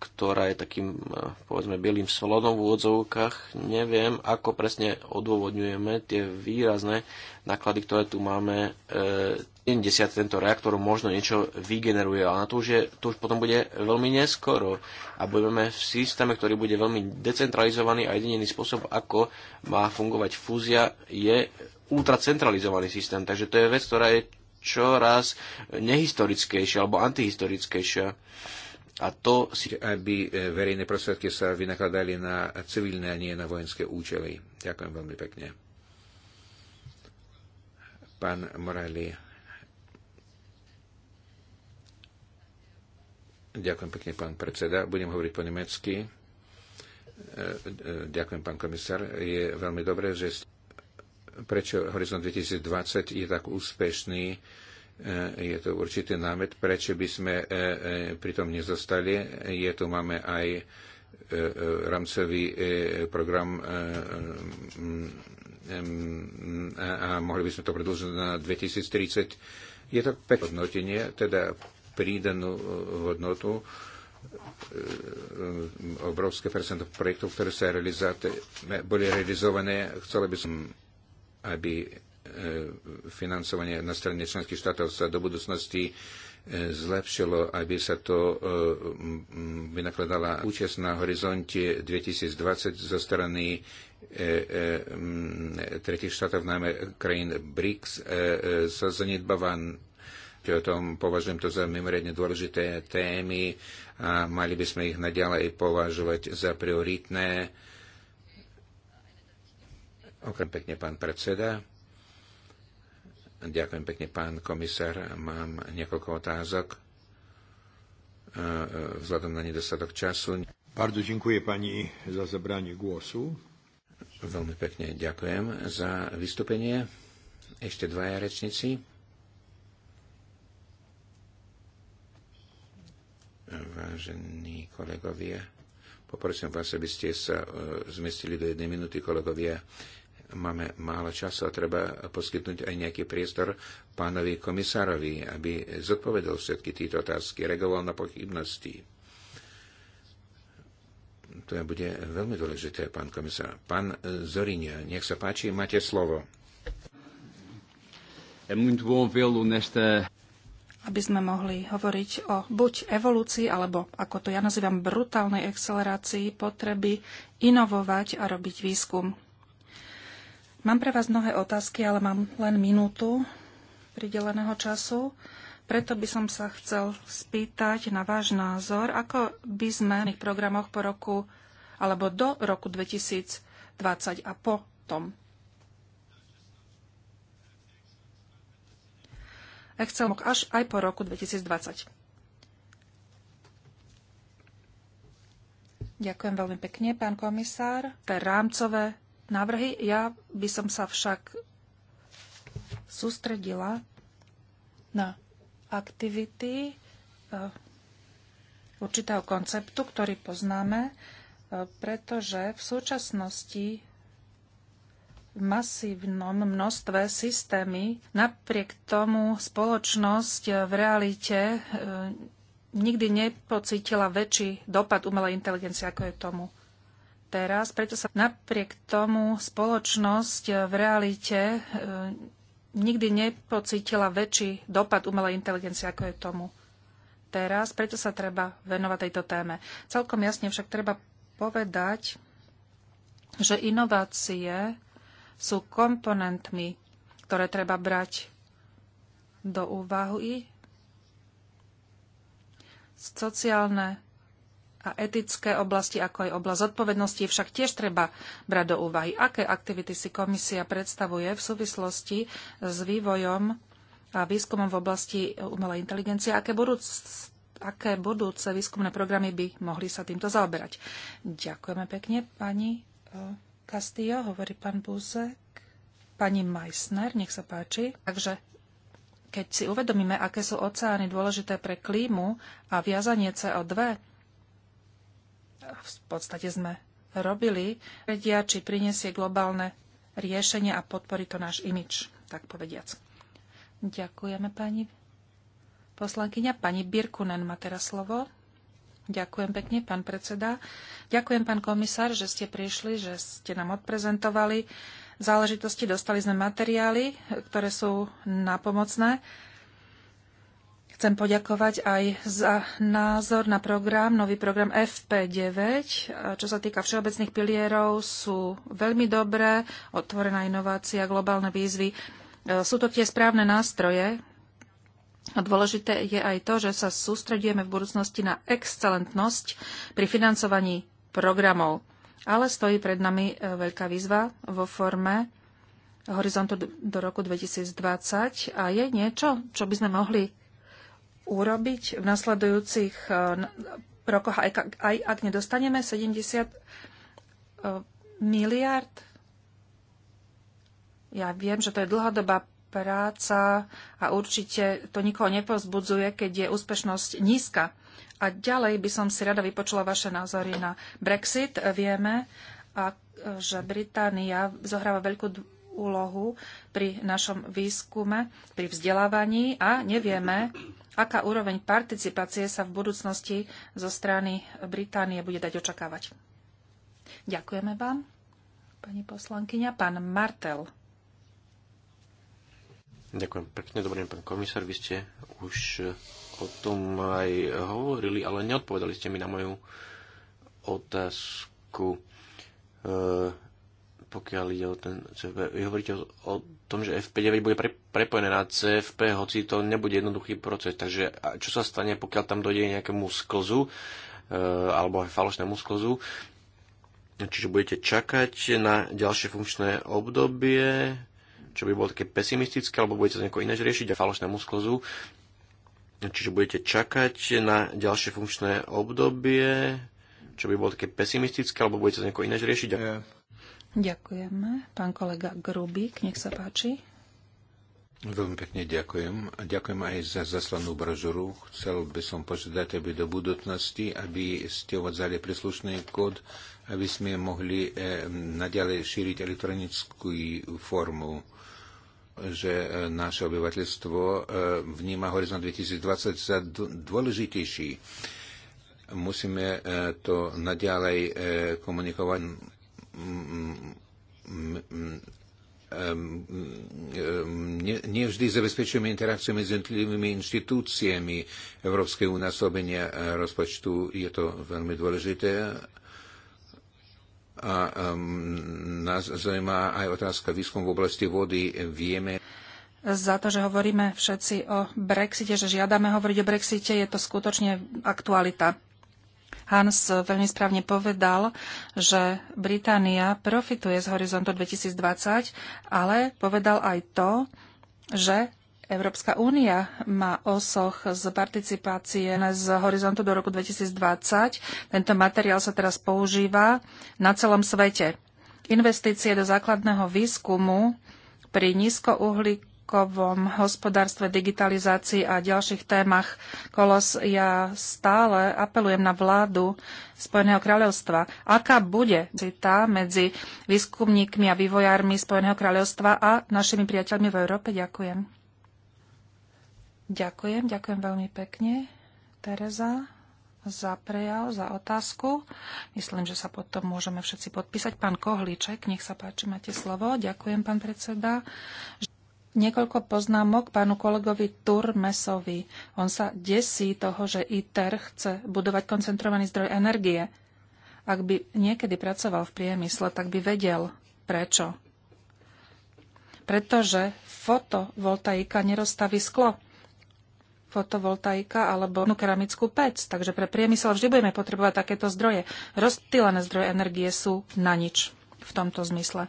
ktorá je takým, e, povedzme, bielým slonom v úvodzovkách. Neviem, ako presne odôvodňujeme tie výrazné náklady, ktoré tu máme. 10 e, tento reaktor možno niečo vygeneruje, ale na to už, je, to už potom bude veľmi neskoro. A budeme v systéme, ktorý bude veľmi decentralizovaný a jediný spôsob, ako má fungovať fúzia, je ultracentralizovaný systém. Takže to je vec, ktorá je čoraz nehistorickejšia alebo antihistorickejšia a to si, aby e, verejné prostriedky sa vynakladali na civilné a nie na vojenské účely. Ďakujem veľmi pekne. Pán Morali. Ďakujem pekne, pán predseda. Budem hovoriť po nemecky. E, e, ďakujem, pán komisár. Je veľmi dobré, že prečo Horizont 2020 je tak úspešný E, je to určitý námet, prečo by sme e, e, pritom nezostali. Je tu máme aj rámcový program a mohli by sme to predlžiť na 2030. Je to pekné hodnotenie, teda prídanú hodnotu obrovské percento projektov, ktoré sa realizáte, boli realizované. Chcela by som, aby E, financovanie na strane členských štátov sa do budúcnosti e, zlepšilo, aby sa to e, vynakladala účasť na horizonte 2020 zo strany tretich štátov, najmä krajín BRICS, sa zanedbávan o tom, považujem to za mimoriadne dôležité témy a mali by sme ich naďalej považovať za prioritné. Okrem pekne, pán predseda. Ďakujem pekne, pán komisár. Mám niekoľko otázok e, e, vzhľadom na nedostatok času. Bardzo dziękuję pani za zabranie głosu. Veľmi pekne ďakujem za vystúpenie. Ešte dvaja rečníci. Vážení kolegovia, poprosím vás, aby ste sa e, zmestili do jednej minúty, kolegovia máme málo času a treba poskytnúť aj nejaký priestor pánovi komisárovi, aby zodpovedal všetky tieto otázky, reagoval na pochybnosti. To bude veľmi dôležité, pán komisár. Pán e, Zorinia, nech sa páči, máte slovo. Aby sme mohli hovoriť o buď evolúcii, alebo ako to ja nazývam brutálnej akcelerácii potreby inovovať a robiť výskum. Mám pre vás mnohé otázky, ale mám len minútu prideleného času. Preto by som sa chcel spýtať na váš názor, ako by sme v programoch po roku alebo do roku 2020 a po tom. Excel až aj po roku 2020. Ďakujem veľmi pekne, pán komisár. Te rámcové návrhy. Ja by som sa však sústredila na aktivity e, určitého konceptu, ktorý poznáme, e, pretože v súčasnosti v masívnom množstve systémy, napriek tomu spoločnosť v realite e, nikdy nepocítila väčší dopad umelej inteligencie, ako je tomu teraz, preto sa napriek tomu spoločnosť v realite e, nikdy nepocítila väčší dopad umelej inteligencie, ako je tomu teraz, preto sa treba venovať tejto téme. Celkom jasne však treba povedať, že inovácie sú komponentmi, ktoré treba brať do úvahy. Sociálne a etické oblasti, ako aj oblasť odpovednosti, však tiež treba brať do úvahy, aké aktivity si komisia predstavuje v súvislosti s vývojom a výskumom v oblasti umelej inteligencie, aké, budúc, aké budúce výskumné programy by mohli sa týmto zaoberať. Ďakujeme pekne, pani e, Castillo, hovorí pán Búzek. Pani Meissner, nech sa páči. Takže keď si uvedomíme, aké sú oceány dôležité pre klímu a viazanie CO2, v podstate sme robili, vedia, či prinesie globálne riešenie a podporí to náš imič, tak povediac. Ďakujeme pani poslankyňa. Pani Birkunen má teraz slovo. Ďakujem pekne, pán predseda. Ďakujem, pán komisár, že ste prišli, že ste nám odprezentovali záležitosti. Dostali sme materiály, ktoré sú napomocné. Chcem poďakovať aj za názor na program, nový program FP9. Čo sa týka všeobecných pilierov, sú veľmi dobré, otvorená inovácia, globálne výzvy. E, sú to tie správne nástroje. A dôležité je aj to, že sa sústredujeme v budúcnosti na excelentnosť pri financovaní programov. Ale stojí pred nami e, veľká výzva vo forme horizontu do roku 2020 a je niečo, čo by sme mohli urobiť v nasledujúcich e, rokoch, aj ak nedostaneme 70 e, miliard? Ja viem, že to je dlhodobá práca a určite to nikoho nepozbudzuje, keď je úspešnosť nízka. A ďalej by som si rada vypočula vaše názory na Brexit. Vieme, a, že Británia zohráva veľkú úlohu pri našom výskume, pri vzdelávaní a nevieme, aká úroveň participácie sa v budúcnosti zo strany Británie bude dať očakávať. Ďakujeme vám, pani poslankyňa. Pán Martel. Ďakujem pekne, dobrý deň, pán komisár. Vy ste už eh, o tom aj hovorili, ale neodpovedali ste mi na moju otázku. E pokiaľ ide o ten CFP. Vy hovoríte o, o tom, že FP9 bude pre, prepojené na CFP, hoci to nebude jednoduchý proces. Takže čo sa stane, pokiaľ tam dojde nejakému sklzu, e, alebo aj falošnému sklzu, čiže budete čakať na ďalšie funkčné obdobie, čo by bolo také pesimistické, alebo budete to nejako ináč riešiť a falošnému sklzu, čiže budete čakať na ďalšie funkčné obdobie, čo by bolo také pesimistické, alebo budete to nejako ináč riešiť. A... Yeah. Ďakujeme. Pán kolega Grubík, nech sa páči. Veľmi pekne ďakujem. A ďakujem aj za zaslanú brožuru. Chcel by som požiadať, aby do budúcnosti, aby ste uvádzali príslušný kód, aby sme mohli e, naďalej šíriť elektronickú formu že eh, naše obyvateľstvo eh, vníma Horizont 2020 za dôležitejší. Musíme to naďalej komunikovať nevždy zabezpečujeme interakciu medzi jednotlivými inštitúciami Európskej unásobenia rozpočtu. Je to veľmi dôležité. A nás zaujíma aj otázka výskum v oblasti vody. Vieme, za to, že hovoríme všetci o Brexite, že žiadame hovoriť o Brexite, je to skutočne aktualita. Hans veľmi správne povedal, že Británia profituje z horizontu 2020, ale povedal aj to, že Európska únia má osoch z participácie z horizontu do roku 2020. Tento materiál sa teraz používa na celom svete. Investície do základného výskumu pri nízkouhlíku celkovom hospodárstve, digitalizácii a ďalších témach kolos, ja stále apelujem na vládu Spojeného kráľovstva. Aká bude cita medzi výskumníkmi a vývojármi Spojeného kráľovstva a našimi priateľmi v Európe? Ďakujem. Ďakujem, ďakujem veľmi pekne, Tereza, za prejav, za otázku. Myslím, že sa potom môžeme všetci podpísať. Pán Kohlíček, nech sa páči, máte slovo. Ďakujem, pán predseda. Niekoľko poznámok pánu kolegovi Turmesovi. On sa desí toho, že ITER chce budovať koncentrovaný zdroj energie. Ak by niekedy pracoval v priemysle, tak by vedel, prečo. Pretože fotovoltaika neroztaví sklo. Fotovoltaika alebo keramickú pec. Takže pre priemysel vždy budeme potrebovať takéto zdroje. Rozptýlené zdroje energie sú na nič v tomto zmysle.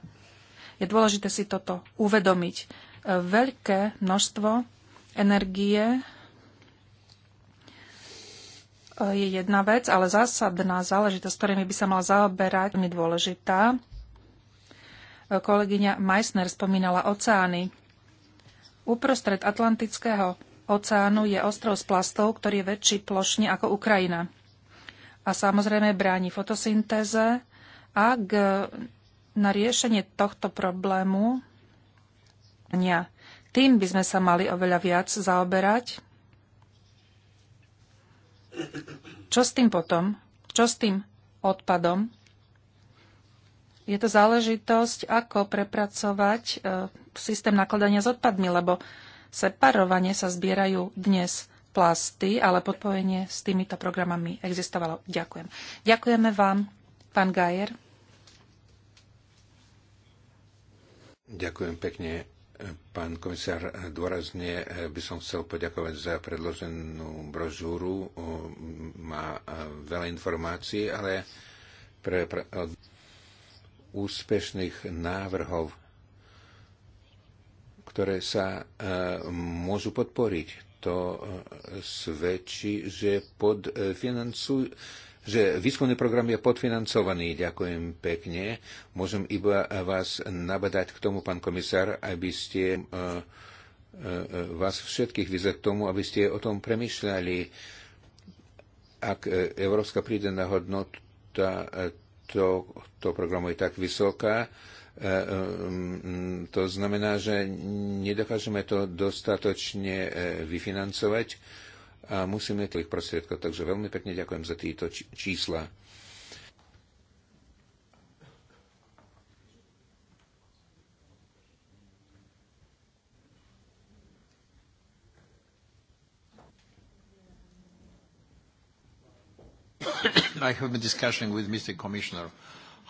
Je dôležité si toto uvedomiť veľké množstvo energie je jedna vec, ale zásadná záležitosť, ktorými by sa mala zaoberať, je dôležitá. Kolegyňa Meissner spomínala oceány. Uprostred Atlantického oceánu je ostrov s plastov, ktorý je väčší plošne ako Ukrajina. A samozrejme bráni fotosyntéze a na riešenie tohto problému vzdelávania. Tým by sme sa mali oveľa viac zaoberať. Čo s tým potom? Čo s tým odpadom? Je to záležitosť, ako prepracovať e, systém nakladania s odpadmi, lebo separovane sa zbierajú dnes plasty, ale podpojenie s týmito programami existovalo. Ďakujem. Ďakujeme vám, pán Gajer. Ďakujem pekne. Pán komisár, dôrazne eh, by som chcel poďakovať za predloženú brožúru. Eh, má eh, veľa informácií, ale pre, pre úspešných návrhov, ktoré sa môžu podporiť. To svedčí, že podfinancujú že výskumný program je podfinancovaný. Ďakujem pekne. Môžem iba vás nabadať k tomu, pán komisár, aby ste e, e, e, vás všetkých vyzvať k tomu, aby ste o tom premyšľali, ak európska prídená hodnota to programu je tak vysoká, to znamená, že nedokážeme to dostatočne vyfinancovať a musíme tých prostriedkov. Takže veľmi pekne ďakujem za tieto čísla. I have been discussing with Mr. Commissioner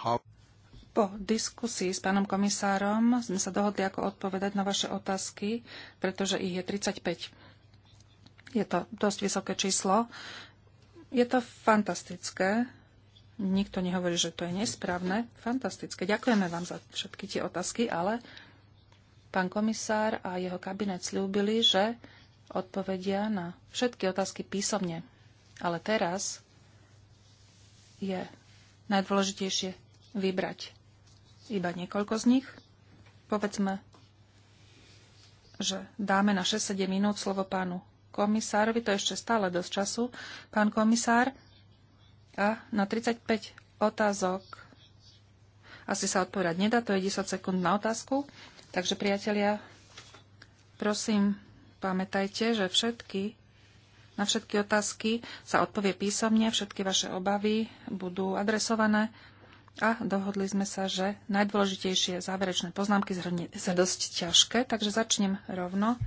how po diskusii s pánom komisárom sme sa dohodli, ako odpovedať na vaše otázky, pretože ich je 35. Je to dosť vysoké číslo. Je to fantastické. Nikto nehovorí, že to je nesprávne. Fantastické. Ďakujeme vám za všetky tie otázky, ale pán komisár a jeho kabinet slúbili, že odpovedia na všetky otázky písomne. Ale teraz je najdôležitejšie vybrať iba niekoľko z nich. Povedzme, že dáme na 6-7 minút slovo pánu komisárovi, to je ešte stále dosť času, pán komisár. A na 35 otázok asi sa odpovedať nedá, to je 10 sekúnd na otázku. Takže priatelia, prosím, pamätajte, že všetky, na všetky otázky sa odpovie písomne, všetky vaše obavy budú adresované a dohodli sme sa, že najdôležitejšie záverečné poznámky zhrnie sa dosť ťažké, takže začnem rovno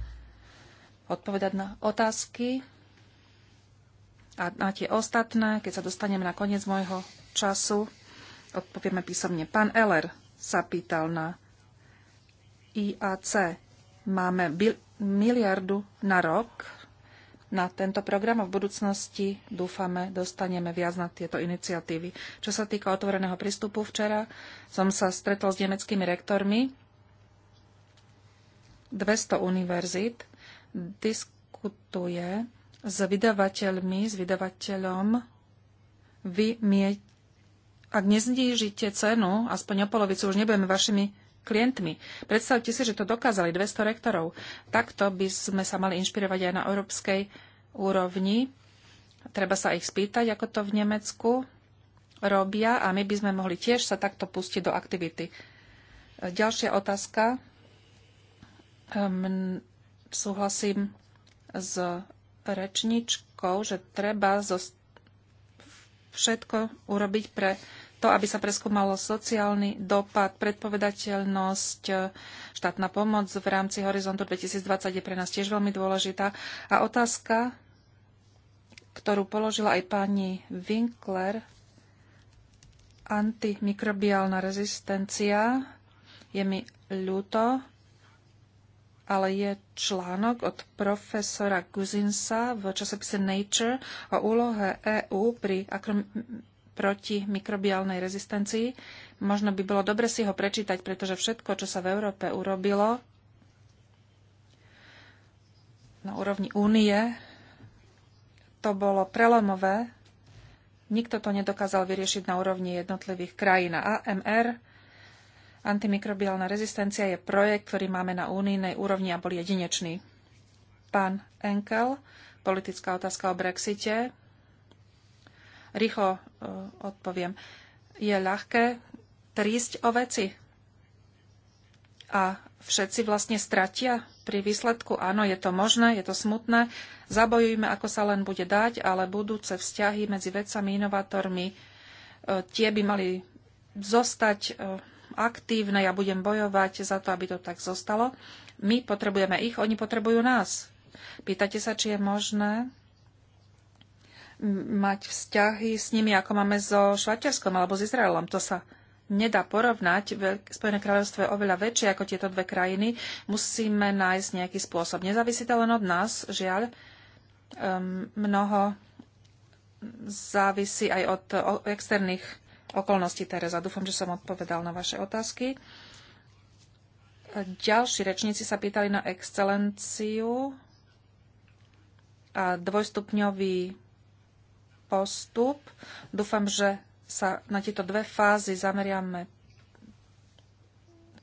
odpovedať na otázky. A na tie ostatné, keď sa dostaneme na koniec môjho času, odpovieme písomne. Pán Eller sa pýtal na IAC. Máme miliardu na rok na tento program a v budúcnosti dúfame dostaneme viac na tieto iniciatívy. Čo sa týka otvoreného prístupu, včera som sa stretol s nemeckými rektormi 200 univerzít diskutuje s vydavateľmi, s vydavateľom. Vy mie- ak neznížite cenu, aspoň o polovicu, už nebudeme vašimi klientmi. Predstavte si, že to dokázali 200 rektorov. Takto by sme sa mali inšpirovať aj na európskej úrovni. Treba sa ich spýtať, ako to v Nemecku robia a my by sme mohli tiež sa takto pustiť do aktivity. Ďalšia otázka súhlasím s rečničkou, že treba zo všetko urobiť pre to, aby sa preskúmalo sociálny dopad, predpovedateľnosť, štátna pomoc v rámci Horizontu 2020 je pre nás tiež veľmi dôležitá. A otázka, ktorú položila aj pani Winkler, antimikrobiálna rezistencia, je mi ľúto, ale je článok od profesora Guzinsa v časopise Nature o úlohe EÚ pri proti mikrobiálnej rezistencii. Možno by bolo dobre si ho prečítať, pretože všetko, čo sa v Európe urobilo na úrovni únie, to bolo prelomové. Nikto to nedokázal vyriešiť na úrovni jednotlivých krajín. AMR Antimikrobiálna rezistencia je projekt, ktorý máme na únijnej úrovni a bol jedinečný. Pán Enkel, politická otázka o Brexite. Rýchlo uh, odpoviem. Je ľahké trísť o veci. A všetci vlastne stratia pri výsledku. Áno, je to možné, je to smutné. Zabojujme, ako sa len bude dať, ale budúce vzťahy medzi vedcami, inovátormi, uh, tie by mali zostať uh, aktívne, ja budem bojovať za to, aby to tak zostalo. My potrebujeme ich, oni potrebujú nás. Pýtate sa, či je možné mať vzťahy s nimi, ako máme so Švajčiarskom alebo s Izraelom. To sa nedá porovnať. Spojené kráľovstvo je oveľa väčšie ako tieto dve krajiny. Musíme nájsť nejaký spôsob. Nezávisí to len od nás, žiaľ. Ehm, mnoho závisí aj od externých okolnosti Tereza. Dúfam, že som odpovedal na vaše otázky. Ďalší rečníci sa pýtali na excelenciu a dvojstupňový postup. Dúfam, že sa na tieto dve fázy zameriame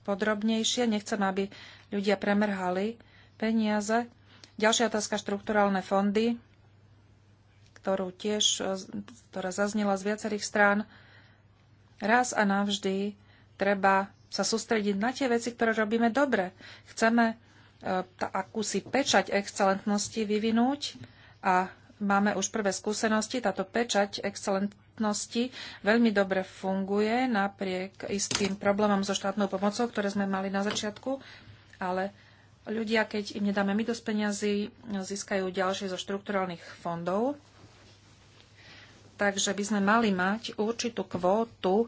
podrobnejšie. Nechcem, aby ľudia premrhali peniaze. Ďalšia otázka, štrukturálne fondy, ktorú tiež, ktorá zaznela z viacerých strán. Raz a navždy treba sa sústrediť na tie veci, ktoré robíme dobre. Chceme e, tá akúsi pečať excelentnosti vyvinúť a máme už prvé skúsenosti. Táto pečať excelentnosti veľmi dobre funguje napriek istým problémom so štátnou pomocou, ktoré sme mali na začiatku, ale ľudia, keď im nedáme my dosť peňazí, získajú ďalšie zo štrukturálnych fondov Takže by sme mali mať určitú kvótu, e,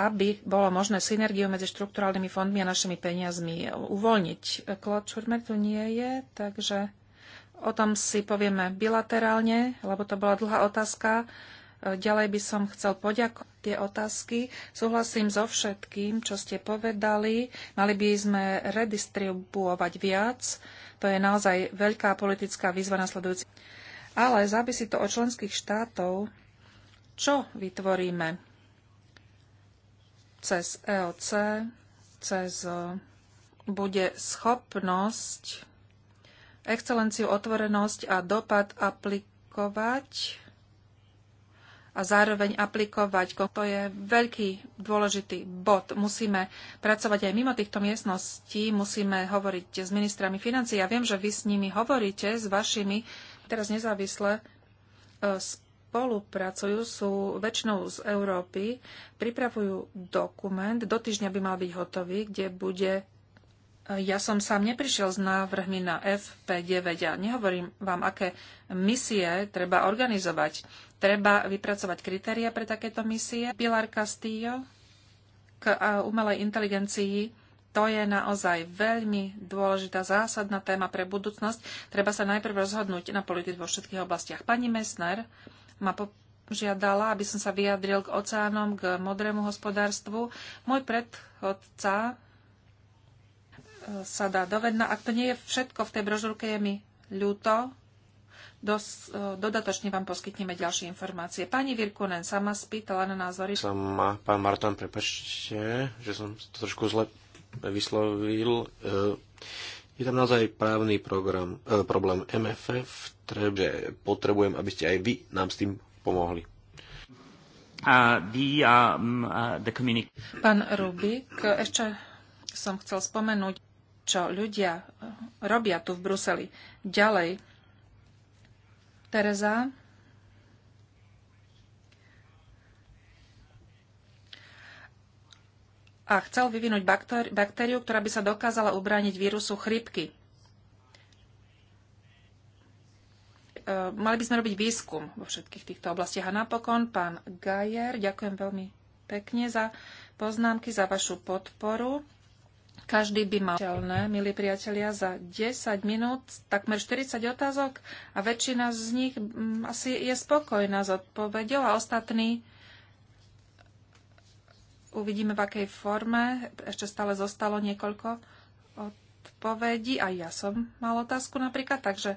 aby bolo možné synergiu medzi štruktúralnými fondmi a našimi peniazmi uvoľniť. Claude Schurmer tu nie je, takže o tom si povieme bilaterálne, lebo to bola dlhá otázka. E, ďalej by som chcel poďakovať tie otázky. Súhlasím so všetkým, čo ste povedali. Mali by sme redistribuovať viac. To je naozaj veľká politická výzva nasledujúci ale závisí to od členských štátov, čo vytvoríme cez EOC, cez e, bude schopnosť, excelenciu, otvorenosť a dopad aplikovať a zároveň aplikovať. To je veľký dôležitý bod. Musíme pracovať aj mimo týchto miestností, musíme hovoriť s ministrami financií. Ja viem, že vy s nimi hovoríte, s vašimi teraz nezávisle e, spolupracujú, sú väčšinou z Európy, pripravujú dokument, do týždňa by mal byť hotový, kde bude e, ja som sám neprišiel s návrhmi na FP9 a nehovorím vám, aké misie treba organizovať. Treba vypracovať kritéria pre takéto misie. Pilar Castillo k e, umelej inteligencii to je naozaj veľmi dôležitá zásadná téma pre budúcnosť. Treba sa najprv rozhodnúť na politiku vo všetkých oblastiach. Pani Messner ma požiadala, aby som sa vyjadril k oceánom, k modrému hospodárstvu. Môj predchodca e, sa dá dovedna. No, ak to nie je všetko v tej brožúrke, je mi ľúto. Dos, e, dodatočne vám poskytneme ďalšie informácie. Pani Virkunen sa ma spýtala na názory. Sama, pán Martan, prepačte, že som to trošku zle vyslovil, eh, je tam naozaj právny program, eh, problém MFF, takže potrebujem, aby ste aj vy nám s tým pomohli. Uh, the, um, uh, the Pán Rubik, ešte som chcel spomenúť, čo ľudia eh, robia tu v Bruseli. Ďalej, Tereza, a chcel vyvinúť baktériu, ktorá by sa dokázala ubrániť vírusu chrypky. E, mali by sme robiť výskum vo všetkých týchto oblastiach. A napokon, pán Gajer, ďakujem veľmi pekne za poznámky, za vašu podporu. Každý by mal, milí priatelia, za 10 minút takmer 40 otázok a väčšina z nich mm, asi je spokojná s odpovedou a ostatní Uvidíme, v akej forme. Ešte stále zostalo niekoľko odpovedí. Aj ja som mal otázku napríklad, takže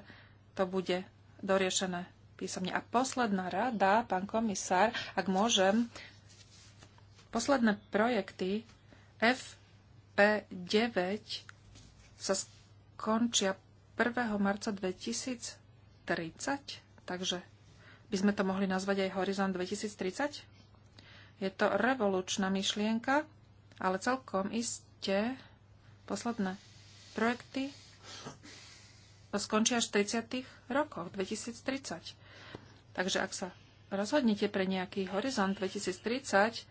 to bude doriešené písomne. A posledná rada, pán komisár, ak môžem, posledné projekty FP9 sa skončia 1. marca 2030, takže by sme to mohli nazvať aj Horizont 2030? Je to revolučná myšlienka, ale celkom isté posledné projekty to skončí až v 30. rokoch, 2030. Takže ak sa rozhodnete pre nejaký horizont 2030,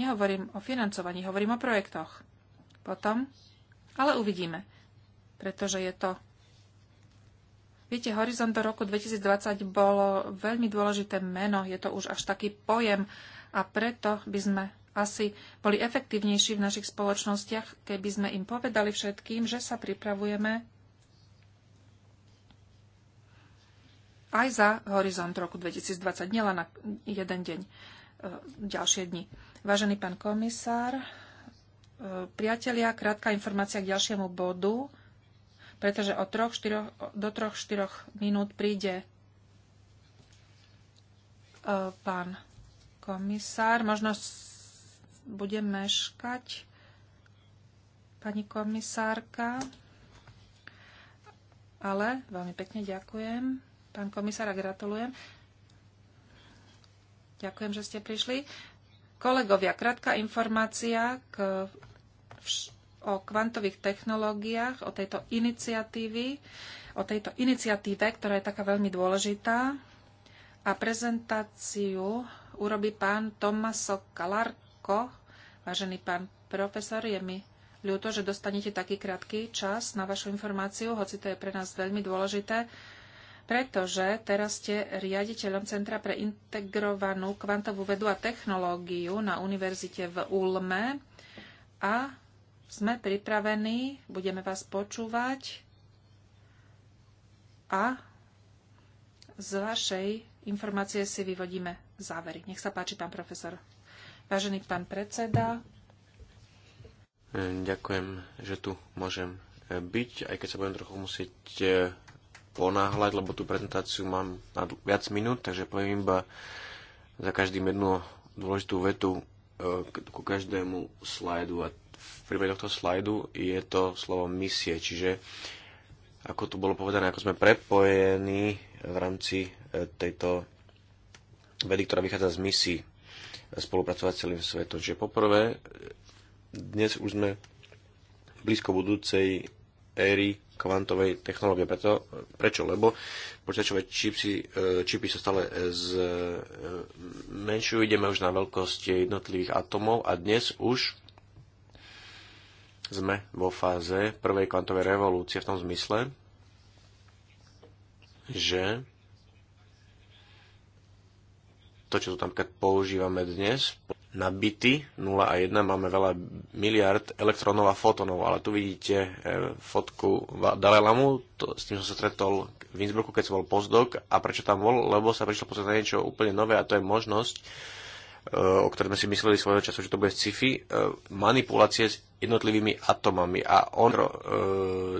nehovorím o financovaní, hovorím o projektoch. Potom, ale uvidíme, pretože je to... Viete, horizont do roku 2020 bolo veľmi dôležité meno, je to už až taký pojem a preto by sme asi boli efektívnejší v našich spoločnostiach, keby sme im povedali všetkým, že sa pripravujeme aj za horizont roku 2020, nielen na jeden deň, e, ďalšie dni. Vážený pán komisár, e, priatelia, krátka informácia k ďalšiemu bodu, pretože o troch, štyroch, do troch štyroch minút príde e, pán komisár. Možno bude meškať pani komisárka, ale veľmi pekne ďakujem. Pán komisár, a gratulujem. Ďakujem, že ste prišli. Kolegovia, krátka informácia k, o kvantových technológiách, o tejto iniciatívy, o tejto iniciatíve, ktorá je taká veľmi dôležitá a prezentáciu urobí pán Tomaso Kalarko. Vážený pán profesor, je mi ľúto, že dostanete taký krátky čas na vašu informáciu, hoci to je pre nás veľmi dôležité, pretože teraz ste riaditeľom Centra pre integrovanú kvantovú vedu a technológiu na univerzite v Ulme a sme pripravení, budeme vás počúvať a z vašej informácie si vyvodíme závery. Nech sa páči, pán profesor. Vážený pán predseda. Hm, ďakujem, že tu môžem eh, byť, aj keď sa budem trochu musieť eh, ponáhľať, lebo tú prezentáciu mám na viac minút, takže poviem iba za každým jednu dôležitú vetu eh, ku každému slajdu. A v prípade tohto slajdu je to slovo misie, čiže ako tu bolo povedané, ako sme prepojení v rámci tejto vedy, ktorá vychádza z misií eh, spolupracovať celým svetom. Čiže poprvé, dnes už sme blízko budúcej éry kvantovej technológie. Preto, prečo? Lebo počítačové čipsy, eh, čipy sa stále eh, zmenšujú, ideme už na veľkosť jednotlivých atomov a dnes už sme vo fáze prvej kvantovej revolúcie v tom zmysle, že to, čo tu tam používame dnes, na bity 0 a 1 máme veľa miliard elektrónov a fotónov, ale tu vidíte e, fotku Dalelamu, to, s tým som sa stretol v Innsbrucku, keď som bol pozdok a prečo tam bol, lebo sa prišlo pozrieť na niečo úplne nové a to je možnosť, e, o ktorej sme si mysleli svojho času, že to bude sci-fi, e, manipulácie s jednotlivými atomami a on e,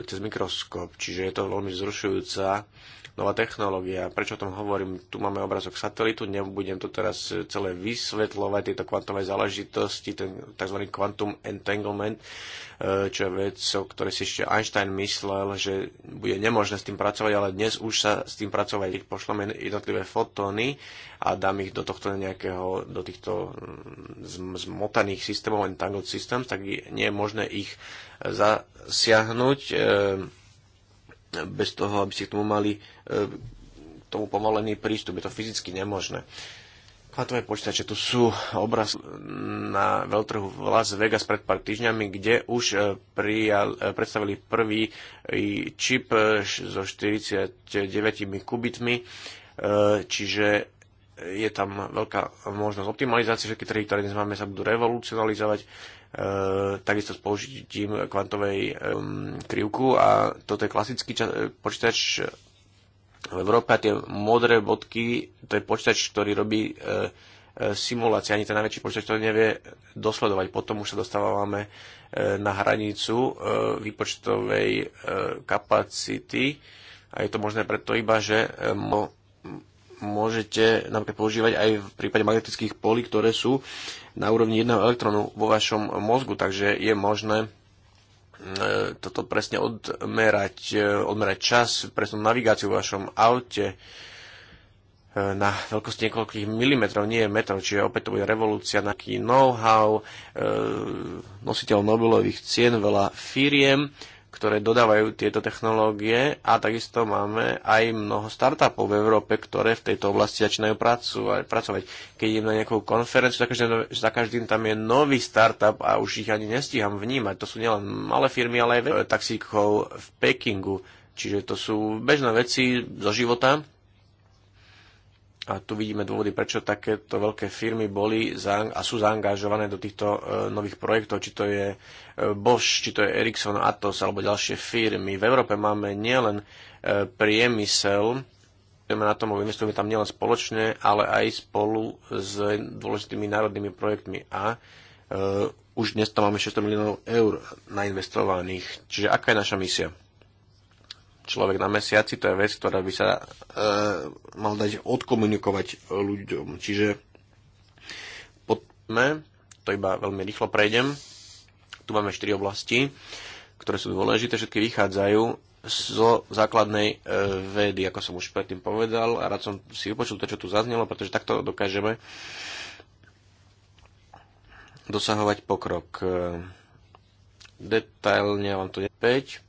cez mikroskop, čiže je to veľmi zrušujúca nová technológia. Prečo o tom hovorím? Tu máme obrazok satelitu, nebudem to teraz celé vysvetľovať, tieto kvantové záležitosti, ten tzv. quantum entanglement, e, čo je vec, o ktorej si ešte Einstein myslel, že bude nemožné s tým pracovať, ale dnes už sa s tým pracovať. Pošleme jednotlivé fotóny a dám ich do tohto nejakého, do týchto mm, zmotaných systémov, entangled systems, tak nie je možné ich e, zasiahnuť e, bez toho, aby ste k tomu mali k e, tomu pomalený prístup. Je to fyzicky nemožné. Kvantové počítače, tu sú obraz na veľtrhu v Las Vegas pred pár týždňami, kde už prijal, predstavili prvý čip so 49 kubitmi, čiže je tam veľká možnosť optimalizácie, všetky trhy, ktoré dnes máme, sa budú revolucionalizovať. E, takisto s použitím kvantovej krivku a toto je klasický počítač v Európe a tie modré bodky, to je počítač, ktorý robí e, e, simulácie, ani ten najväčší počítač to nevie dosledovať. Potom už sa dostávame na hranicu výpočtovej kapacity a je to možné preto iba, že môžete napríklad používať aj v prípade magnetických polí, ktoré sú na úrovni jedného elektrónu vo vašom mozgu, takže je možné e, toto presne odmerať, e, odmerať čas, presnú navigáciu v vašom aute e, na veľkosti niekoľkých milimetrov, nie metrov, čiže opäť to bude revolúcia, nejaký know-how, nositeľ Nobelových cien, veľa firiem ktoré dodávajú tieto technológie a takisto máme aj mnoho startupov v Európe, ktoré v tejto oblasti začínajú pracu, pracovať. Keď idem na nejakú konferenciu, tak každým, za každým tam je nový startup a už ich ani nestíham vnímať. To sú nielen malé firmy, ale aj taxíkov v Pekingu. Čiže to sú bežné veci zo života, a tu vidíme dôvody, prečo takéto veľké firmy boli a sú zaangažované do týchto e, nových projektov, či to je e, Bosch, či to je Ericsson, Atos alebo ďalšie firmy. V Európe máme nielen e, priemysel, pracujeme na tom, investujeme tam nielen spoločne, ale aj spolu s dôležitými národnými projektmi. A už dnes tam máme 600 miliónov eur nainvestovaných. Čiže aká je naša misia? človek na mesiaci, to je vec, ktorá by sa e, mal dať odkomunikovať ľuďom. Čiže poďme, to iba veľmi rýchlo prejdem. Tu máme 4 oblasti, ktoré sú dôležité, všetky vychádzajú zo základnej e, vedy, ako som už predtým povedal a rád som si vypočul to, čo tu zaznelo, pretože takto dokážeme dosahovať pokrok. E, detailne vám to je 5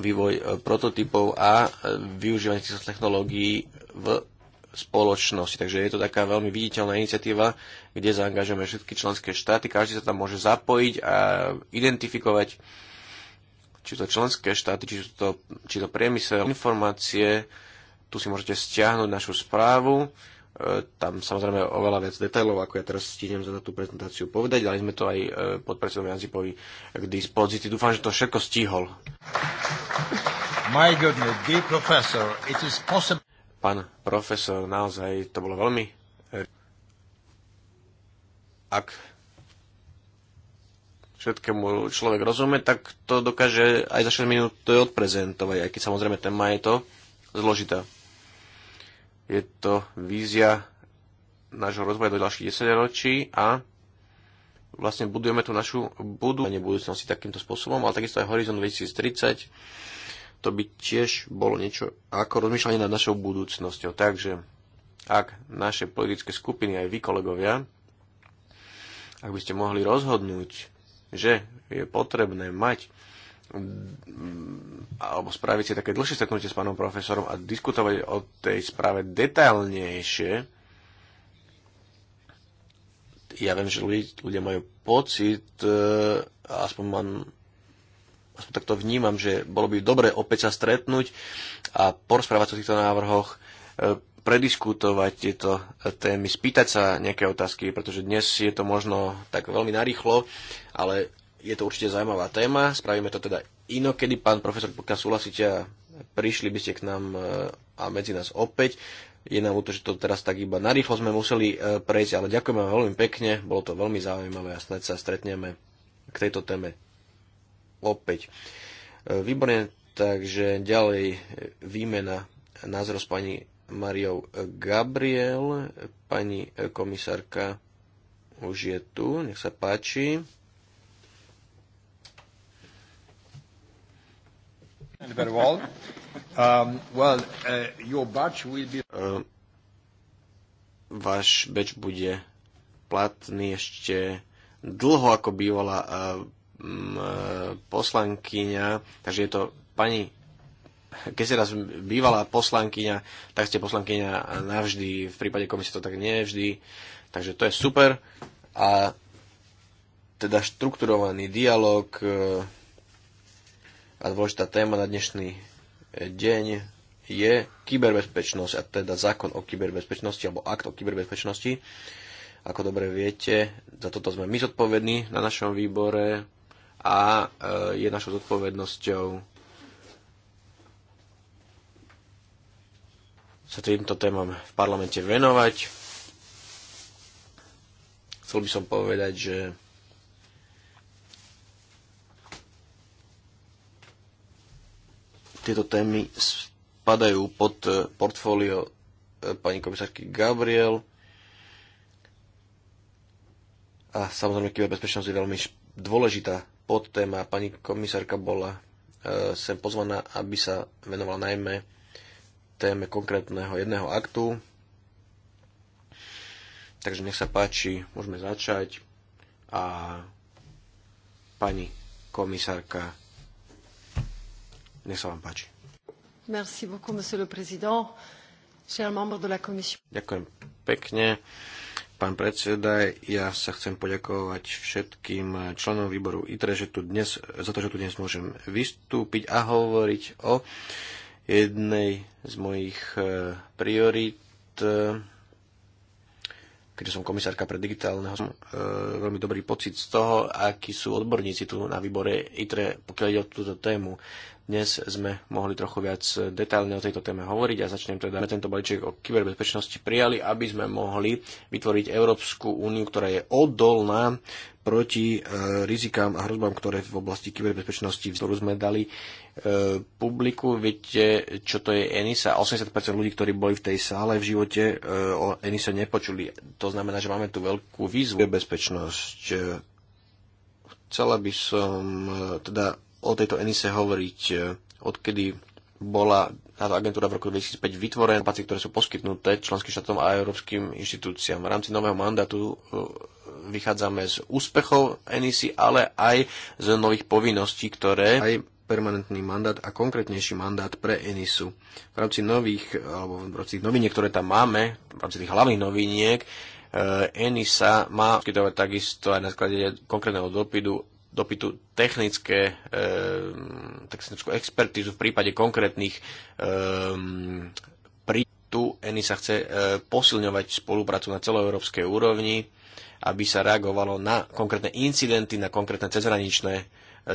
vývoj e, prototypov a e, využívanie týchto technológií v spoločnosti. Takže je to taká veľmi viditeľná iniciatíva, kde zaangažujeme všetky členské štáty, každý sa tam môže zapojiť a identifikovať či to členské štáty, či to, či to priemysel, informácie, tu si môžete stiahnuť našu správu, E, tam samozrejme oveľa viac detailov, ako ja teraz stihnem za tú prezentáciu povedať. Dali sme to aj e, podpredsedom Janzipovi k dispozícii. Dúfam, že to všetko stihol. My goodness, dear professor, it is possible... Pán profesor, naozaj to bolo veľmi... Ak všetkému človek rozumie, tak to dokáže aj za 6 minút to odprezentovať, aj keď samozrejme téma je to zložitá. Je to vízia nášho rozvoja do ďalších 10 ročí a vlastne budujeme tú našu budovanie budúcnosti takýmto spôsobom, ale takisto aj Horizon 2030. To by tiež bolo niečo ako rozmýšľanie nad našou budúcnosťou. Takže ak naše politické skupiny, aj vy kolegovia, ak by ste mohli rozhodnúť, že je potrebné mať alebo spraviť si také dlhšie stretnutie s pánom profesorom a diskutovať o tej správe detailnejšie. Ja viem, že ľudia, ľudia majú pocit, e, aspoň mám aspoň takto vnímam, že bolo by dobre opäť sa stretnúť a porozprávať o týchto návrhoch, e, prediskutovať tieto témy, spýtať sa nejaké otázky, pretože dnes je to možno tak veľmi narýchlo, ale je to určite zaujímavá téma, spravíme to teda inokedy. Pán profesor, pokiaľ súhlasíte a prišli by ste k nám e, a medzi nás opäť, je nám to, že to teraz tak iba narýchlo sme museli e, prejsť, ale ďakujem vám veľmi pekne, bolo to veľmi zaujímavé a snad sa stretneme k tejto téme opäť. E, výborne, takže ďalej výmena názor s pani Mariou Gabriel, pani komisárka už je tu, nech sa páči. Um, uh, uh, váš beč bude platný ešte dlho ako bývala uh, poslankyňa, takže je to pani keď ste raz bývala poslankyňa, tak ste poslankyňa navždy, v prípade komisie to tak nie vždy, takže to je super a teda štrukturovaný dialog, a dôležitá téma na dnešný e, deň je kyberbezpečnosť, a teda zákon o kyberbezpečnosti alebo akt o kyberbezpečnosti. Ako dobre viete, za toto sme my zodpovední na našom výbore a e, je našou zodpovednosťou sa týmto témam v parlamente venovať. Chcel by som povedať, že tieto témy spadajú pod e, portfólio e, pani komisárky Gabriel. A samozrejme, kyberbezpečnosť je veľmi dôležitá podtéma. Pani komisárka bola e, sem pozvaná, aby sa venovala najmä téme konkrétneho jedného aktu. Takže nech sa páči, môžeme začať. A pani komisárka nech sa vám páči. Merci beaucoup, monsieur le président. Cher membre de la commission. Ďakujem pekne. Pán predseda, ja sa chcem poďakovať všetkým členom výboru ITRE, že tu dnes, za to, že tu dnes môžem vystúpiť a hovoriť o jednej z mojich e, priorit. E, keďže som komisárka pre digitálneho, som e, veľmi dobrý pocit z toho, akí sú odborníci tu na výbore ITRE, pokiaľ ide o túto tému dnes sme mohli trochu viac detailne o tejto téme hovoriť a ja začnem teda tento balíček o kyberbezpečnosti prijali, aby sme mohli vytvoriť Európsku úniu, ktorá je odolná proti e, rizikám a hrozbám, ktoré v oblasti kyberbezpečnosti, ktorú sme dali e, publiku. Viete, čo to je ENISA? 80% ľudí, ktorí boli v tej sále v živote, e, o ENISA nepočuli. To znamená, že máme tu veľkú výzvu. Bezpečnosť. E, chcela by som e, teda o tejto Enise hovoriť, e, odkedy bola táto agentúra v roku 2005 vytvorená, kapacity, ktoré sú poskytnuté členským štátom a európskym inštitúciám. V rámci nového mandátu e, vychádzame z úspechov NEC, ale aj z nových povinností, ktoré aj permanentný mandát a konkrétnejší mandát pre Enisu. V rámci nových, alebo v rámci tých noviniek, ktoré tam máme, v rámci tých hlavných noviniek, e, Enisa má poskytovať takisto aj na sklade konkrétneho dopidu dopytu technické, e, technickú expertízu v prípade konkrétnych e, ehm, pri tu sa chce e, posilňovať spoluprácu na celoeurópskej úrovni, aby sa reagovalo na konkrétne incidenty, na konkrétne cezhraničné e,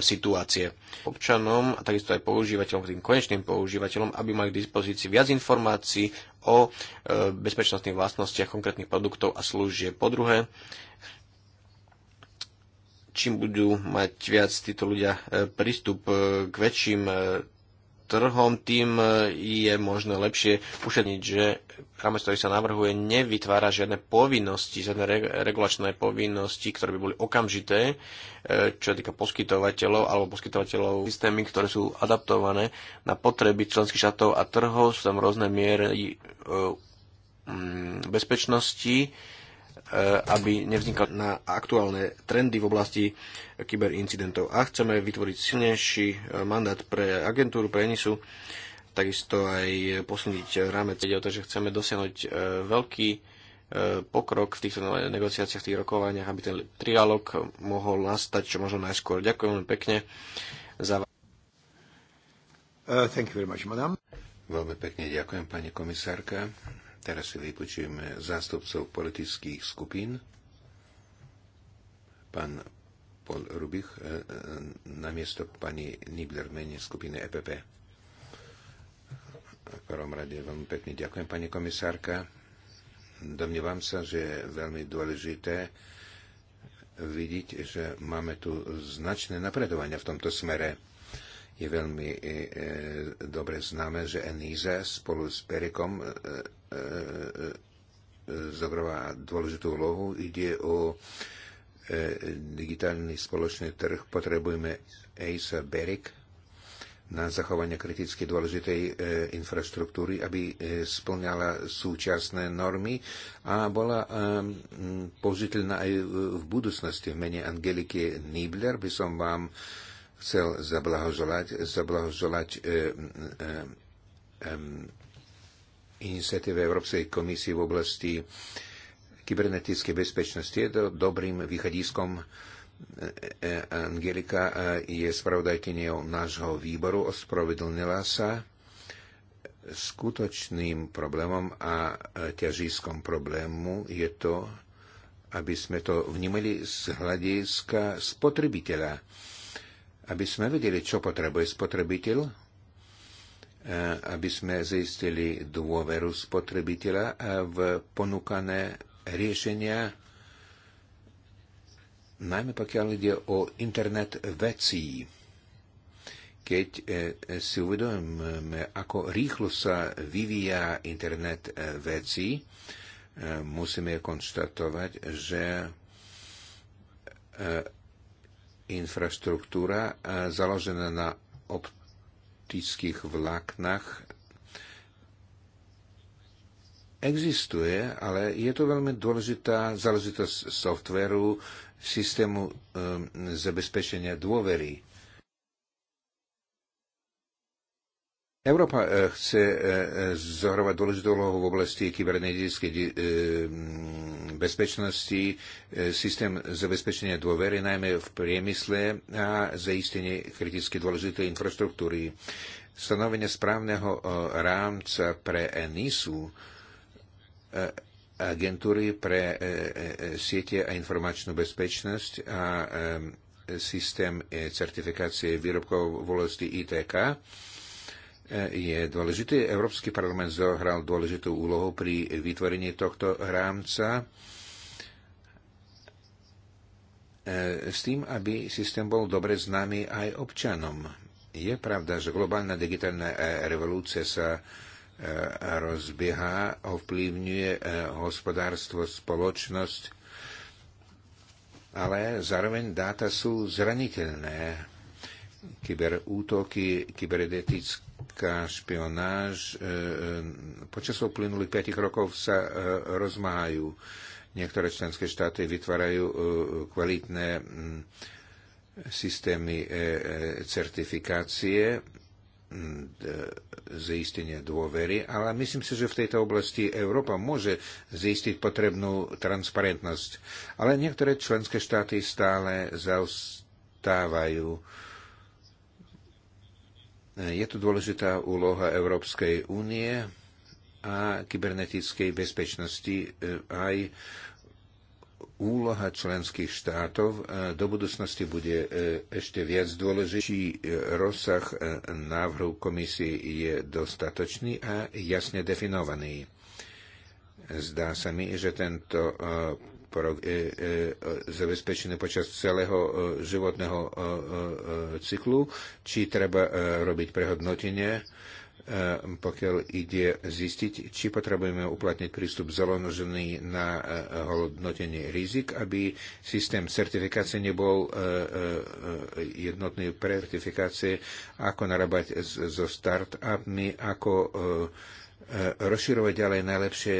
situácie. Občanom a takisto aj používateľom, tým konečným používateľom, aby mali k dispozícii viac informácií o e, bezpečnostných vlastnostiach konkrétnych produktov a služieb. Po druhé, čím budú mať viac títo ľudia e, prístup e, k väčším e, trhom, tým je možné lepšie ušetniť, že rámec, ktorý sa navrhuje, nevytvára žiadne povinnosti, žiadne regulačné povinnosti, ktoré by boli okamžité, čo týka poskytovateľov alebo poskytovateľov systémy, ktoré sú adaptované na potreby členských štátov a trhov, sú tam rôzne miery bezpečnosti, Eh, aby nevznikal na aktuálne trendy v oblasti kyberincidentov. A chceme vytvoriť silnejší eh, mandát pre agentúru, pre ENISu, takisto aj posilniť rámec. Ide o to, že chceme dosiahnuť eh, veľký pokrok v týchto negociáciách, v tých rokovaniach, aby ten trialog mohol nastať čo možno najskôr. Ďakujem veľmi pekne za Uh, thank you very much, madam. Veľmi pekne ďakujem, pani komisárka. Teraz si vypočujeme zástupcov politických skupín. Pán Paul Rubich eh, eh, na miesto pani Nibler mene skupiny EPP. V prvom rade veľmi pekne ďakujem, pani komisárka. Domnievam sa, že je veľmi dôležité vidieť, že máme tu značné napredovania v tomto smere je veľmi e, e, dobre známe, že Eníze spolu s Perikom e, e, e, zobrala dôležitú úlohu. Ide o e, digitálny spoločný trh. Potrebujeme ACE Berik na zachovanie kriticky dôležitej e, infraštruktúry, aby e, splňala súčasné normy a bola e, použiteľná aj v, v budúcnosti. V mene Angeliky Nibler by som vám e, chcel zablahoželať, zablahoželať e, e, e, iniciatíve Európskej komisie v oblasti kybernetickej bezpečnosti. Je to dobrým východiskom. E, e, Angelika e, je spravodajkyniou nášho výboru, ospravedlnila sa skutočným problémom a ťažiskom problému je to, aby sme to vnímali z hľadiska spotrebiteľa aby sme vedeli, čo potrebuje spotrebiteľ, e, aby sme zistili dôveru spotrebiteľa e, v ponúkané riešenia, najmä pokiaľ ide o internet vecí. Keď e, si uvedomíme, ako rýchlo sa vyvíja internet vecí, musíme konštatovať, že infraštruktúra e, založená na optických vláknach existuje, ale je to veľmi dôležitá záležitosť softveru, systému e, zabezpečenia dôvery. Európa e, chce e, zohrávať dôležitú úlohu v oblasti kybernetickej bezpečnosti, e, systém zabezpečenia dôvery, najmä v priemysle a zaistenie kriticky dôležitej infraštruktúry. Stanovenie správneho e, rámca pre ENISu e, agentúry pre siete a informačnú bezpečnosť a systém certifikácie výrobkov v ITK je dôležitý. Európsky parlament zohral dôležitú úlohu pri vytvorení tohto rámca e, s tým, aby systém bol dobre známy aj občanom. Je pravda, že globálna digitálna e, revolúcia sa e, rozbieha, ovplyvňuje hospodárstvo, spoločnosť, ale zároveň dáta sú zraniteľné kyberútoky, kybernetická špionáž. E, e, počas uplynulých 5 rokov sa e, rozmáhajú. Niektoré členské štáty vytvárajú kvalitné mm, systémy certifikácie mm, zaistenia dôvery, ale myslím si, že v tejto oblasti Európa môže zaistiť potrebnú transparentnosť. Ale niektoré členské štáty stále zaostávajú je tu dôležitá úloha Európskej únie a kybernetickej bezpečnosti e, aj úloha členských štátov e, do budúcnosti bude e, ešte viac dôležitý. rozsah návrhu komisie je dostatočný a jasne definovaný. Zdá sa mi, že tento e, zabezpečené počas celého e, životného e, e, cyklu, či treba robiť prehodnotenie, pokiaľ ide zistiť, či potrebujeme uplatniť prístup založený na hodnotenie rizik, aby systém certifikácie nebol jednotný pre certifikácie, ako narábať so start-upmi, ako rozširovať ďalej najlepšie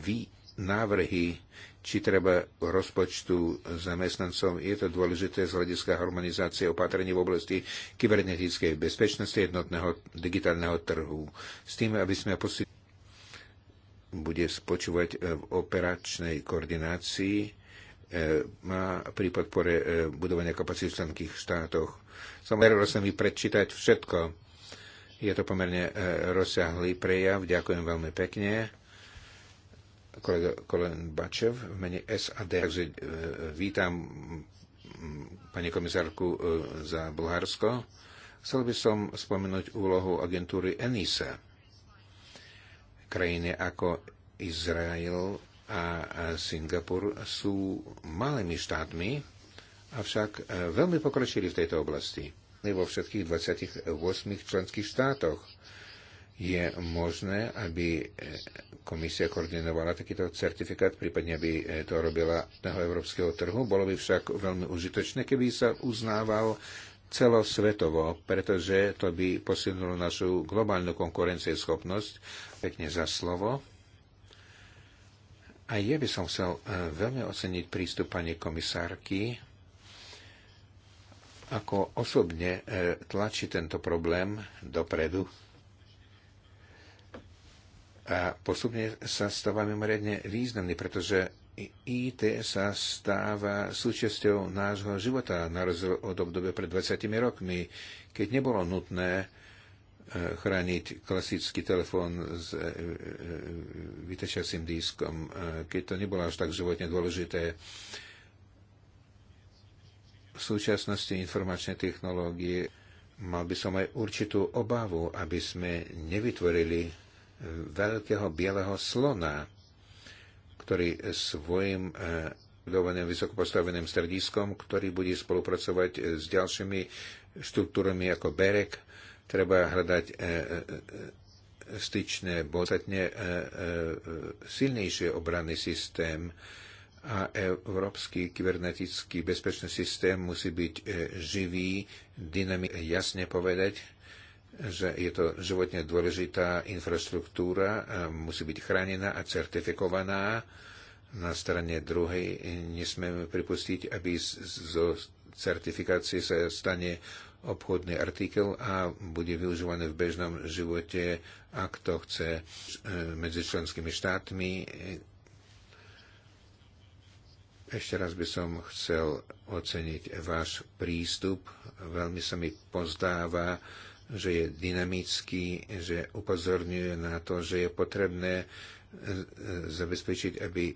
vy návrhy či treba rozpočtu zamestnancov. Je to dôležité z hľadiska harmonizácie opatrení v oblasti kybernetickej bezpečnosti jednotného digitálneho trhu. S tým, aby sme posi... bude spočúvať e, v operačnej koordinácii e, má pri podpore e, budovania kapacít v členských štátoch. Samozrejme, sa mi prečítať všetko. Je to pomerne rozsiahlý prejav. Ďakujem veľmi pekne kolega Kolen Bačev v mene SAD. Takže e, vítam pani komisárku e, za Bulharsko. Chcel by som spomenúť úlohu agentúry ENISA. Krajiny ako Izrael a Singapur sú malými štátmi, avšak e, veľmi pokročili v tejto oblasti. Vo všetkých 28 členských štátoch je možné, aby e, komisia koordinovala takýto certifikát, prípadne aby e, to robila toho európskeho trhu. Bolo by však veľmi užitočné, keby sa uznával celosvetovo, pretože to by posilnilo našu globálnu konkurencieschopnosť. Pekne za slovo. A ja by som chcel e, veľmi oceniť prístup pani komisárky, ako osobne tlačí tento problém dopredu a postupne sa stáva mimoriadne významný, pretože IT sa stáva súčasťou nášho života na rozdiel od obdobia pred 20 rokmi, keď nebolo nutné e, chrániť klasický telefón s e, e, vytačacím diskom, keď to nebolo až tak životne dôležité. V súčasnosti informačné technológie mal by som aj určitú obavu, aby sme nevytvorili veľkého bieleho slona, ktorý svojim dovoleným e, vysokopostaveným strediskom, ktorý bude spolupracovať e, s ďalšími štruktúrami ako BEREK. Treba hľadať e, styčné, podstatne silnejšie obranný systém a európsky kybernetický bezpečný systém musí byť živý, dynamický, jasne povedať, že je to životne dôležitá infraštruktúra, e, musí byť chránená a certifikovaná. Na strane druhej nesmieme pripustiť, aby zo certifikácie sa stane obchodný artikel a bude využívaný v bežnom živote, ak to chce e, medzi členskými štátmi. Ešte raz by som chcel oceniť váš prístup. Veľmi sa mi pozdáva, že je dynamický, že upozorňuje na to, že je potrebné e, e, zabezpečiť, aby e,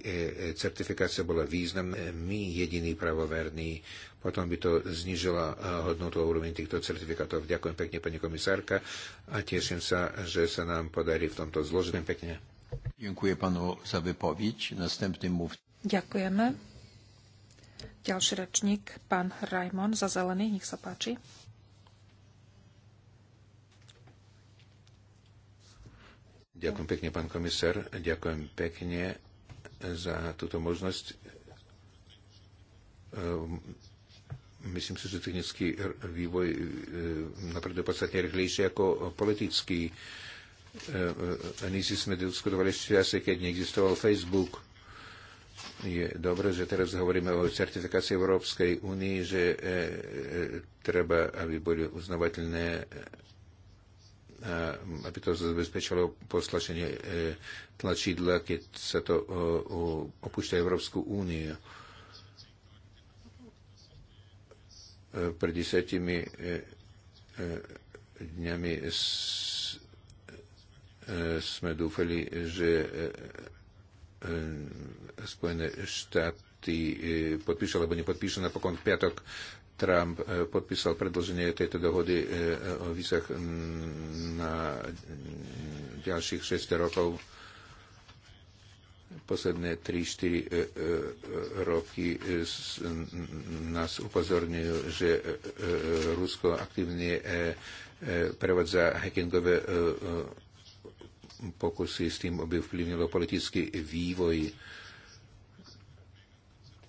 certifikácia bola významná. My jediný pravoverný, potom by to znižila hodnotu úroveň týchto certifikátov. Ďakujem pekne, pani komisárka, a teším sa, že sa nám podarí v tomto zložiť. pekne. Ďakujem pánu za vypoviť. Następný mu... Ďakujeme. Ďalší rečník, pán Rajmon za zelený, nech sa páči. Ďakujem pekne, pán komisár. Ďakujem pekne za túto možnosť. Ehm, myslím si, že technický vývoj ehm, napreduje podstatne rýchlejšie ako politický. Nisi ehm, sme diskutovali ešte asi, keď neexistoval Facebook. Je dobré, že teraz hovoríme o certifikácii Európskej únii, že treba, aby boli uznavateľné aby to zabezpečilo poslačenie e, tlačidla, keď sa to opúšťa Európsku úniu. E, pred desiatimi e, dňami sme dúfali, že Spojené štáty podpíšu alebo nepodpíšu. Napokon v piatok Trump e, podpísal predlženie tejto dohody e, e, o vízach na ďalších 6 rokov. Posledné 3-4 roky nás upozorňujú, že Rusko aktívne prevádza hackingové pokusy s tým, aby vplyvnilo politický vývoj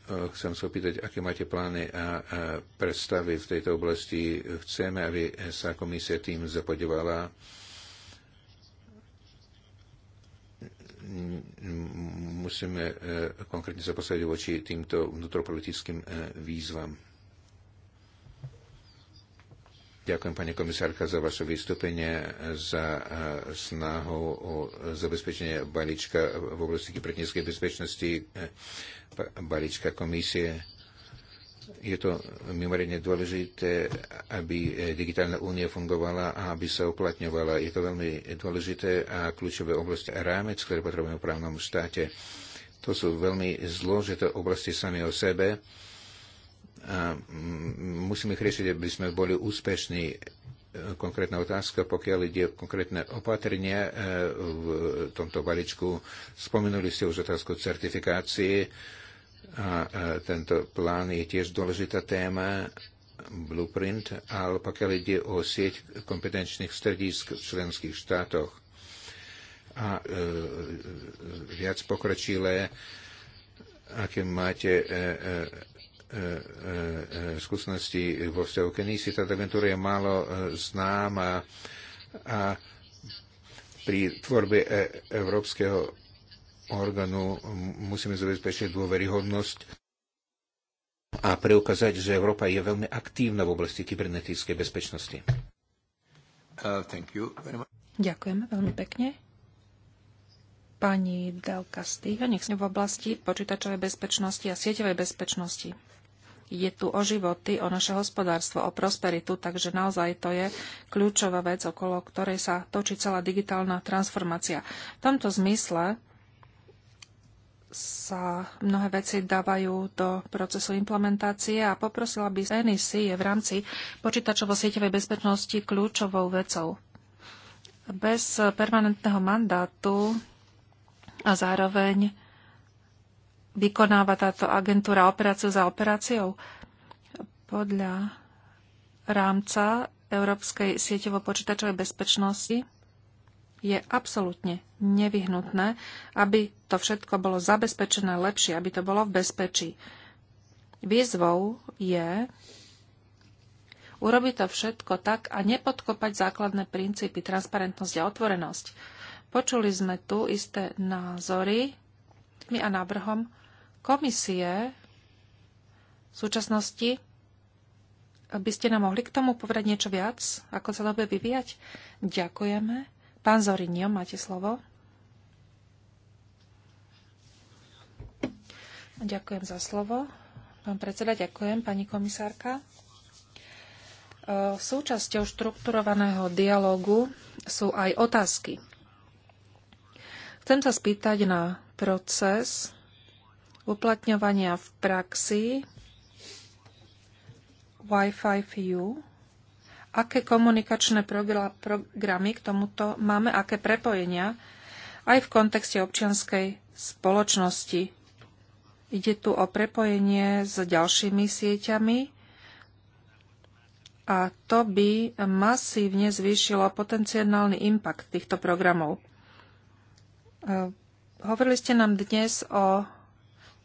Chcem sa opýtať, aké máte plány a predstavy v tejto oblasti. Chceme, aby sa komisia tým zapodovala. Musíme e, konkrétne sa postaviť voči týmto vnútropolitickým e, výzvam. Ďakujem, pani komisárka, za vaše vystúpenie, za eh, snahu o zabezpečenie balíčka v oblasti kybernetickej bezpečnosti, eh, balíčka komisie. Je to mimoriadne dôležité, aby digitálna únia fungovala a aby sa uplatňovala. Je to veľmi dôležité a kľúčové oblasti rámec, ktoré potrebujeme v právnom štáte. To sú veľmi zložité oblasti sami o sebe a mm, musíme ich riešiť, aby sme boli úspešní. E, konkrétna otázka, pokiaľ ide o konkrétne opatrenia e, v tomto balíčku. Spomenuli ste už otázku certifikácie a e, tento plán je tiež dôležitá téma blueprint, ale pokiaľ ide o sieť kompetenčných stredísk v členských štátoch a e, viac pokročilé, aké máte e, e, E, e, e, skúsenosti vo vzťahu k NISI. Táto agentúra je málo známa a pri tvorbe európskeho orgánu musíme zabezpečiť dôveryhodnosť a preukázať, že Európa je veľmi aktívna v oblasti kybernetickej bezpečnosti. Uh, Ďakujeme veľmi pekne. Pani Del Castillo, nech v oblasti počítačovej bezpečnosti a sieťovej bezpečnosti je tu o životy, o naše hospodárstvo, o prosperitu, takže naozaj to je kľúčová vec, okolo ktorej sa točí celá digitálna transformácia. V tomto zmysle sa mnohé veci dávajú do procesu implementácie a poprosila by NEC je v rámci počítačovo-sieťovej bezpečnosti kľúčovou vecou. Bez permanentného mandátu a zároveň vykonáva táto agentúra operáciu za operáciou? Podľa rámca Európskej sieťovo-počítačovej bezpečnosti je absolútne nevyhnutné, aby to všetko bolo zabezpečené lepšie, aby to bolo v bezpečí. Výzvou je urobiť to všetko tak a nepodkopať základné princípy transparentnosť a otvorenosť. Počuli sme tu isté názory a návrhom komisie v súčasnosti. By ste nám mohli k tomu povedať niečo viac, ako sa to bude vyvíjať? Ďakujeme. Pán Zorinio, máte slovo. Ďakujem za slovo. Pán predseda, ďakujem. Pani komisárka. E, súčasťou štrukturovaného dialogu sú aj otázky. Chcem sa spýtať na proces uplatňovania v praxi Wi-Fi for Aké komunikačné programy k tomuto máme, aké prepojenia aj v kontexte občianskej spoločnosti. Ide tu o prepojenie s ďalšími sieťami a to by masívne zvýšilo potenciálny impact týchto programov. Hovorili ste nám dnes o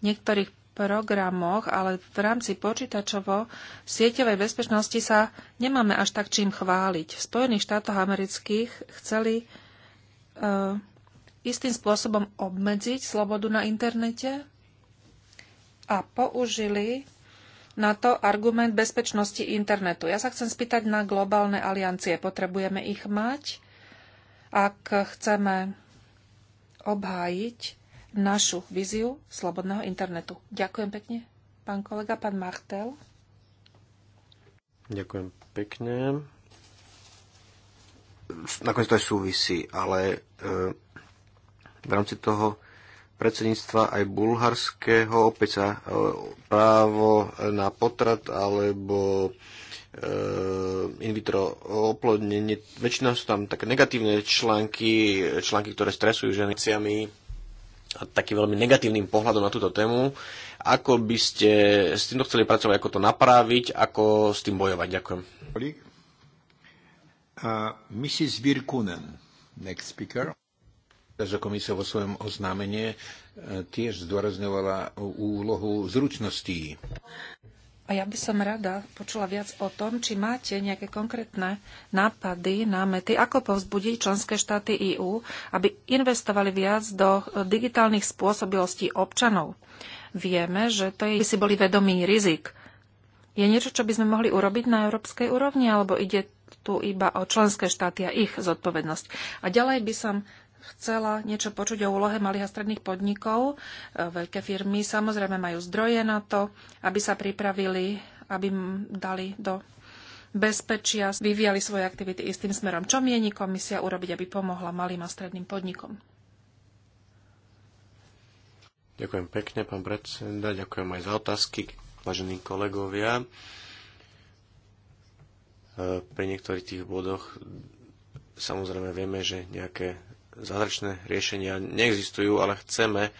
niektorých programoch, ale v rámci počítačovo sieťovej bezpečnosti sa nemáme až tak čím chváliť. V Spojených štátoch amerických chceli e, istým spôsobom obmedziť slobodu na internete a použili na to argument bezpečnosti internetu. Ja sa chcem spýtať na globálne aliancie. Potrebujeme ich mať, ak chceme obhájiť našu víziu slobodného internetu. Ďakujem pekne, pán kolega, pán Martel. Ďakujem pekne. Nakoniec to aj súvisí, ale e, v rámci toho predsedníctva aj bulharského opäť sa e, právo na potrat alebo e, in vitro oplodnenie. Väčšinou sú tam také negatívne články, články, ktoré stresujú ženy takým veľmi negatívnym pohľadom na túto tému. Ako by ste s týmto chceli pracovať, ako to napraviť, ako s tým bojovať? Ďakujem. Mrs. Virkunen, next speaker. Takže komisia vo svojom oznámenie tiež zdôrazňovala úlohu zručností. A ja by som rada počula viac o tom, či máte nejaké konkrétne nápady, námety, ako povzbudiť členské štáty EÚ, aby investovali viac do e, digitálnych spôsobilostí občanov. Vieme, že to je, by si boli vedomí rizik. Je niečo, čo by sme mohli urobiť na európskej úrovni, alebo ide tu iba o členské štáty a ich zodpovednosť. A ďalej by som chcela niečo počuť o úlohe malých a stredných podnikov. E, Veľké firmy samozrejme majú zdroje na to, aby sa pripravili, aby dali do bezpečia, vyvíjali svoje aktivity istým smerom. Čo mieni komisia urobiť, aby pomohla malým a stredným podnikom? Ďakujem pekne, pán predseda. Ďakujem aj za otázky, vážení kolegovia. E, pri niektorých tých bodoch samozrejme vieme, že nejaké zázračné riešenia neexistujú, ale chceme e,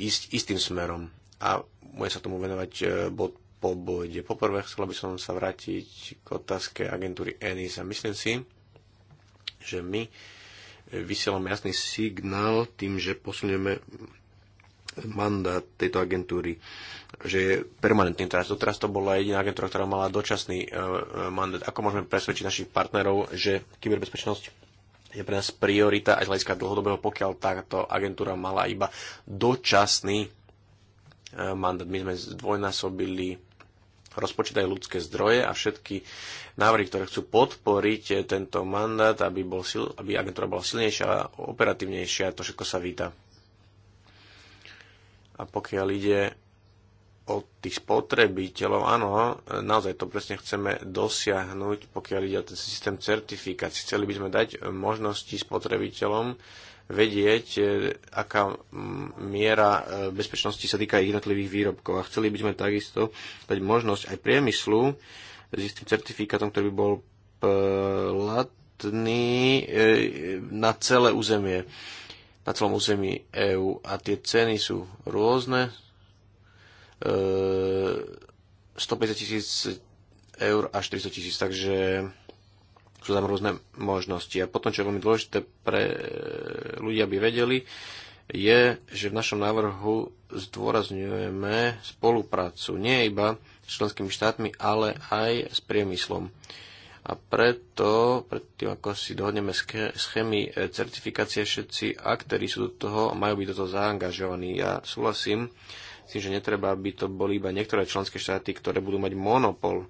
ísť istým smerom. A bude sa tomu venovať e, bod po bode. Poprvé chcela by som sa vrátiť k otázke agentúry ENIS a myslím si, že my e, vysielame jasný signál tým, že posunieme mandát tejto agentúry, že je permanentný teraz. teraz to bola jediná agentúra, ktorá mala dočasný mandát. Ako môžeme presvedčiť našich partnerov, že kyberbezpečnosť je pre nás priorita aj z hľadiska dlhodobého, pokiaľ táto agentúra mala iba dočasný e, mandát. My sme zdvojnásobili rozpočet aj ľudské zdroje a všetky návrhy, ktoré chcú podporiť e, tento mandát, aby, bol sil, aby agentúra bola silnejšia a operatívnejšia, to všetko sa víta. A pokiaľ ide od tých spotrebiteľov, áno, naozaj to presne chceme dosiahnuť, pokiaľ ide o ten systém certifikácií. Chceli by sme dať možnosti spotrebiteľom vedieť, e, aká miera e, bezpečnosti sa týka jednotlivých výrobkov. A chceli by sme takisto dať možnosť aj priemyslu s istým certifikátom, ktorý by bol platný e, na celé územie na celom území EÚ a tie ceny sú rôzne, 150 e, tisíc eur až 400 tisíc, takže sú tam rôzne možnosti. A potom, čo je veľmi dôležité pre e, ľudia, aby vedeli, je, že v našom návrhu zdôrazňujeme spoluprácu nie iba s členskými štátmi, ale aj s priemyslom. A preto, predtým ako si dohodneme schémy e, certifikácie, všetci aktéry sú do toho, a majú byť do toho zaangažovaní. Ja súhlasím Myslím, že netreba, aby to boli iba niektoré členské štáty, ktoré budú mať monopol.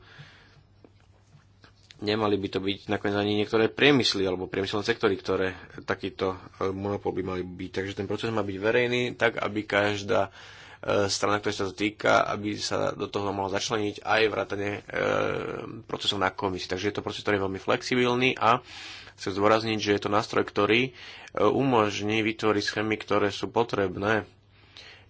Nemali by to byť nakoniec ani niektoré priemysly alebo priemyselné sektory, ktoré takýto e, monopol by mali byť. Takže ten proces má byť verejný, tak aby každá e, strana, ktorá sa to týka, aby sa do toho mohla začleniť aj vrátane e, procesov na komisii. Takže je to proces, ktorý je veľmi flexibilný a chcem zdôrazniť, že je to nástroj, ktorý e, umožní vytvoriť schémy, ktoré sú potrebné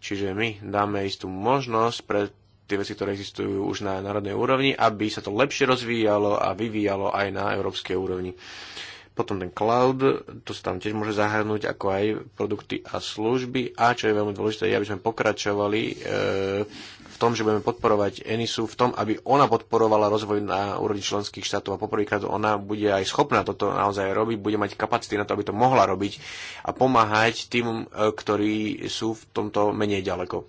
Čiže my dáme istú možnosť pre tie veci, ktoré existujú už na národnej úrovni, aby sa to lepšie rozvíjalo a vyvíjalo aj na európskej úrovni. Potom ten cloud, to sa tam tiež môže zahrnúť, ako aj produkty a služby. A čo je veľmi dôležité, je, aby sme pokračovali e, tom, že budeme podporovať Enisu v tom, aby ona podporovala rozvoj na úrovni členských štátov a poprvýkrát ona bude aj schopná toto naozaj robiť, bude mať kapacity na to, aby to mohla robiť a pomáhať tým, e, ktorí sú v tomto menej ďaleko.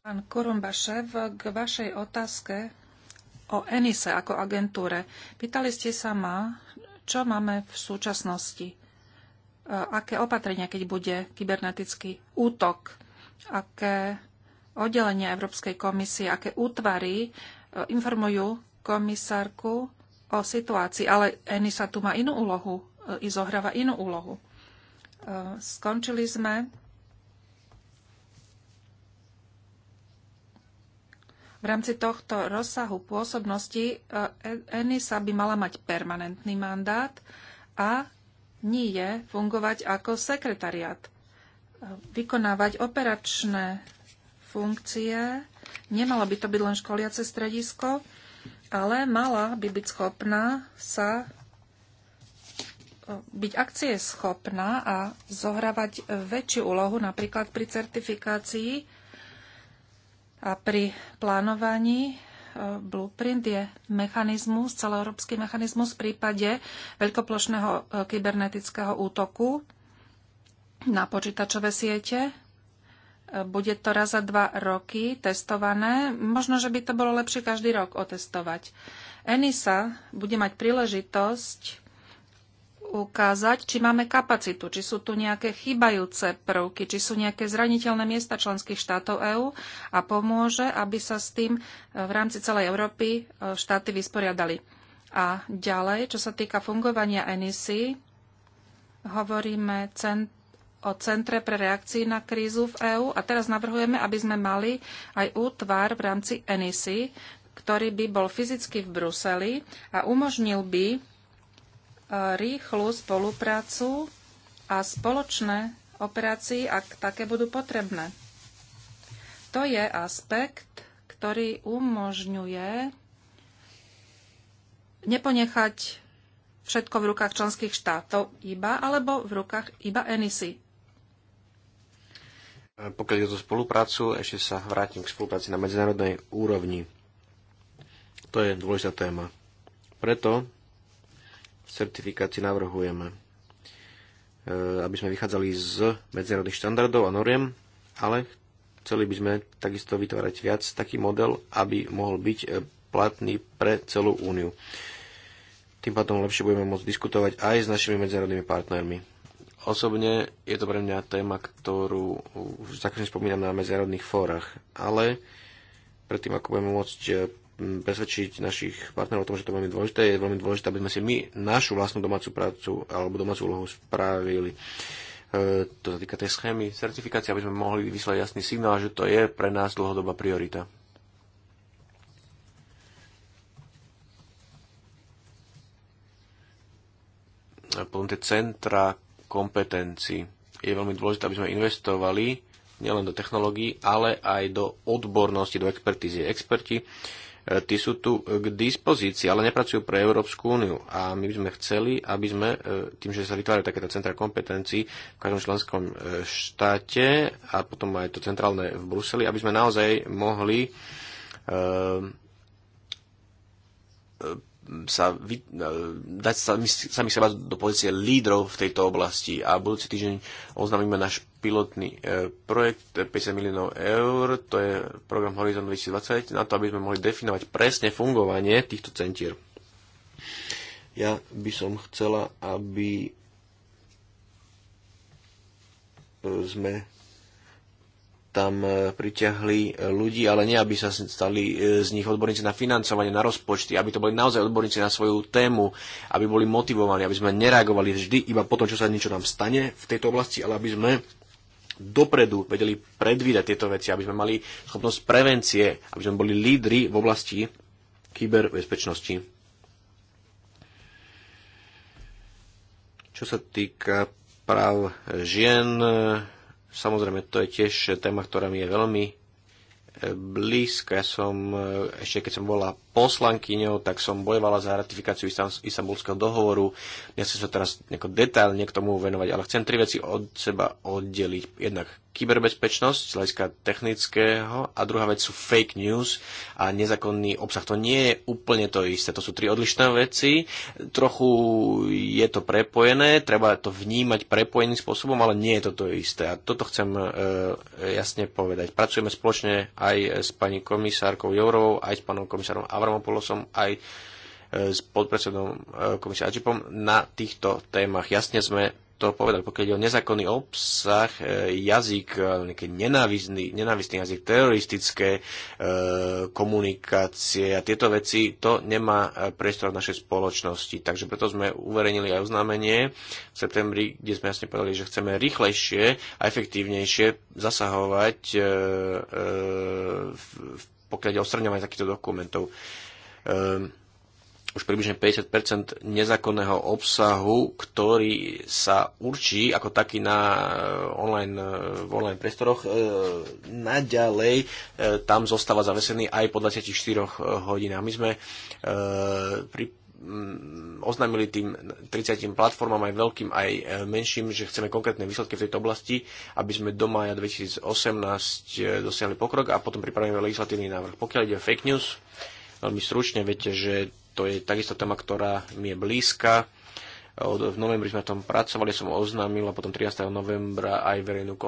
Pán Korumbašev, k vašej otázke o Enise ako agentúre. Pýtali ste sa ma, čo máme v súčasnosti aké opatrenia, keď bude kybernetický útok, aké oddelenia Európskej komisie, aké útvary e, informujú komisárku o situácii. Ale ENISA tu má inú úlohu, e, i zohráva inú úlohu. E, skončili sme V rámci tohto rozsahu pôsobnosti ENISA by mala mať permanentný mandát a nie fungovať ako sekretariat. Vykonávať operačné funkcie, nemalo by to byť len školiace stredisko, ale mala by byť schopná sa byť akcie schopná a zohrávať väčšiu úlohu napríklad pri certifikácii a pri plánovaní blueprint je mechanizmus, celoeurópsky mechanizmus v prípade veľkoplošného e, kybernetického útoku na počítačové siete. E, bude to raz za dva roky testované. Možno, že by to bolo lepšie každý rok otestovať. ENISA bude mať príležitosť ukázať, či máme kapacitu, či sú tu nejaké chýbajúce prvky, či sú nejaké zraniteľné miesta členských štátov EÚ a pomôže, aby sa s tým e, v rámci celej Európy e, štáty vysporiadali. A ďalej, čo sa týka fungovania NEC, hovoríme cent- o Centre pre reakcii na krízu v EÚ a teraz navrhujeme, aby sme mali aj útvar v rámci NEC, ktorý by bol fyzicky v Bruseli a umožnil by rýchlu spoluprácu a spoločné operácií, ak také budú potrebné. To je aspekt, ktorý umožňuje neponechať všetko v rukách členských štátov iba, alebo v rukách iba ENISY. Pokiaľ je to spoluprácu, ešte sa vrátim k spolupráci na medzinárodnej úrovni. To je dôležitá téma. Preto certifikácii navrhujeme, e, aby sme vychádzali z medzinárodných štandardov a noriem, ale chceli by sme takisto vytvárať viac taký model, aby mohol byť e, platný pre celú úniu. Tým pádom lepšie budeme môcť diskutovať aj s našimi medzinárodnými partnermi. Osobne je to pre mňa téma, ktorú už tak spomínam na medzinárodných fórach, ale predtým, ako budeme môcť e, presvedčiť našich partnerov o tom, že to je veľmi dôležité. Je veľmi dôležité, aby sme si my našu vlastnú domácu prácu alebo domácu úlohu spravili. E, to sa týka tej schémy certifikácie, aby sme mohli vyslať jasný signál, že to je pre nás dlhodobá priorita. A potom tie centra kompetencií. Je veľmi dôležité, aby sme investovali nielen do technológií, ale aj do odbornosti, do expertízy. Experti tí sú tu k dispozícii, ale nepracujú pre Európsku úniu. A my by sme chceli, aby sme e, tým, že sa vytvárajú takéto centra kompetencií v každom členskom e, štáte a potom aj to centrálne v Bruseli, aby sme naozaj mohli e, sa vy, dať sami, sami seba do pozície lídrov v tejto oblasti a budúci týždeň oznámime náš pilotný e, projekt 50 e, miliónov eur, to je program Horizon 2020, na to, aby sme mohli definovať presne fungovanie týchto centier. Ja by som chcela, aby e, sme tam priťahli ľudí, ale nie aby sa stali z nich odborníci na financovanie, na rozpočty, aby to boli naozaj odborníci na svoju tému, aby boli motivovaní, aby sme nereagovali vždy iba po tom, čo sa niečo nám stane v tejto oblasti, ale aby sme dopredu vedeli predvídať tieto veci, aby sme mali schopnosť prevencie, aby sme boli lídry v oblasti kyberbezpečnosti. Čo sa týka práv žien, samozrejme to je tiež téma, ktorá mi je veľmi blízka. Ja som, ešte keď som bola poslankyňou, tak som bojovala za ratifikáciu istambulského dohovoru. Nechcem sa teraz nejako detailne k tomu venovať, ale chcem tri veci od seba oddeliť. Jednak kyberbezpečnosť z hľadiska technického a druhá vec sú fake news a nezákonný obsah. To nie je úplne to isté. To sú tri odlišné veci. Trochu je to prepojené, treba to vnímať prepojeným spôsobom, ale nie je to to isté. A toto chcem e, e jasne povedať. Pracujeme spoločne aj s pani komisárkou Jourovou, aj s pánom komisárom Avramopoulosom aj e, s podpredsedom e, komisie Ačipom na týchto témach. Jasne sme to povedali, pokiaľ ide o nezákonný obsah, e, jazyk, nejaký nenávistný, nenávistný jazyk, teroristické komunikácie a tieto veci, to nemá priestor v našej spoločnosti. Takže preto sme uverejnili aj oznámenie v septembri, kde sme jasne povedali, že chceme rýchlejšie a efektívnejšie zasahovať v pokiaľ ide o takýchto dokumentov. Um, už približne 50 nezákonného obsahu, ktorý sa určí ako taký na eh, online, eh, v online priestoroch, eh, naďalej tam zostáva zavesený aj po 24 hodinách. My sme pri Mm, oznámili tým 30 platformám aj veľkým, aj e, menším, že chceme konkrétne výsledky v tejto oblasti, aby sme do maja 2018 e, dosiahli pokrok a potom pripravíme legislatívny návrh. Pokiaľ ide o fake news, veľmi stručne viete, že to je takisto téma, ktorá mi je blízka. V novembri sme na tom pracovali, som oznámil a potom 13. novembra aj verejnú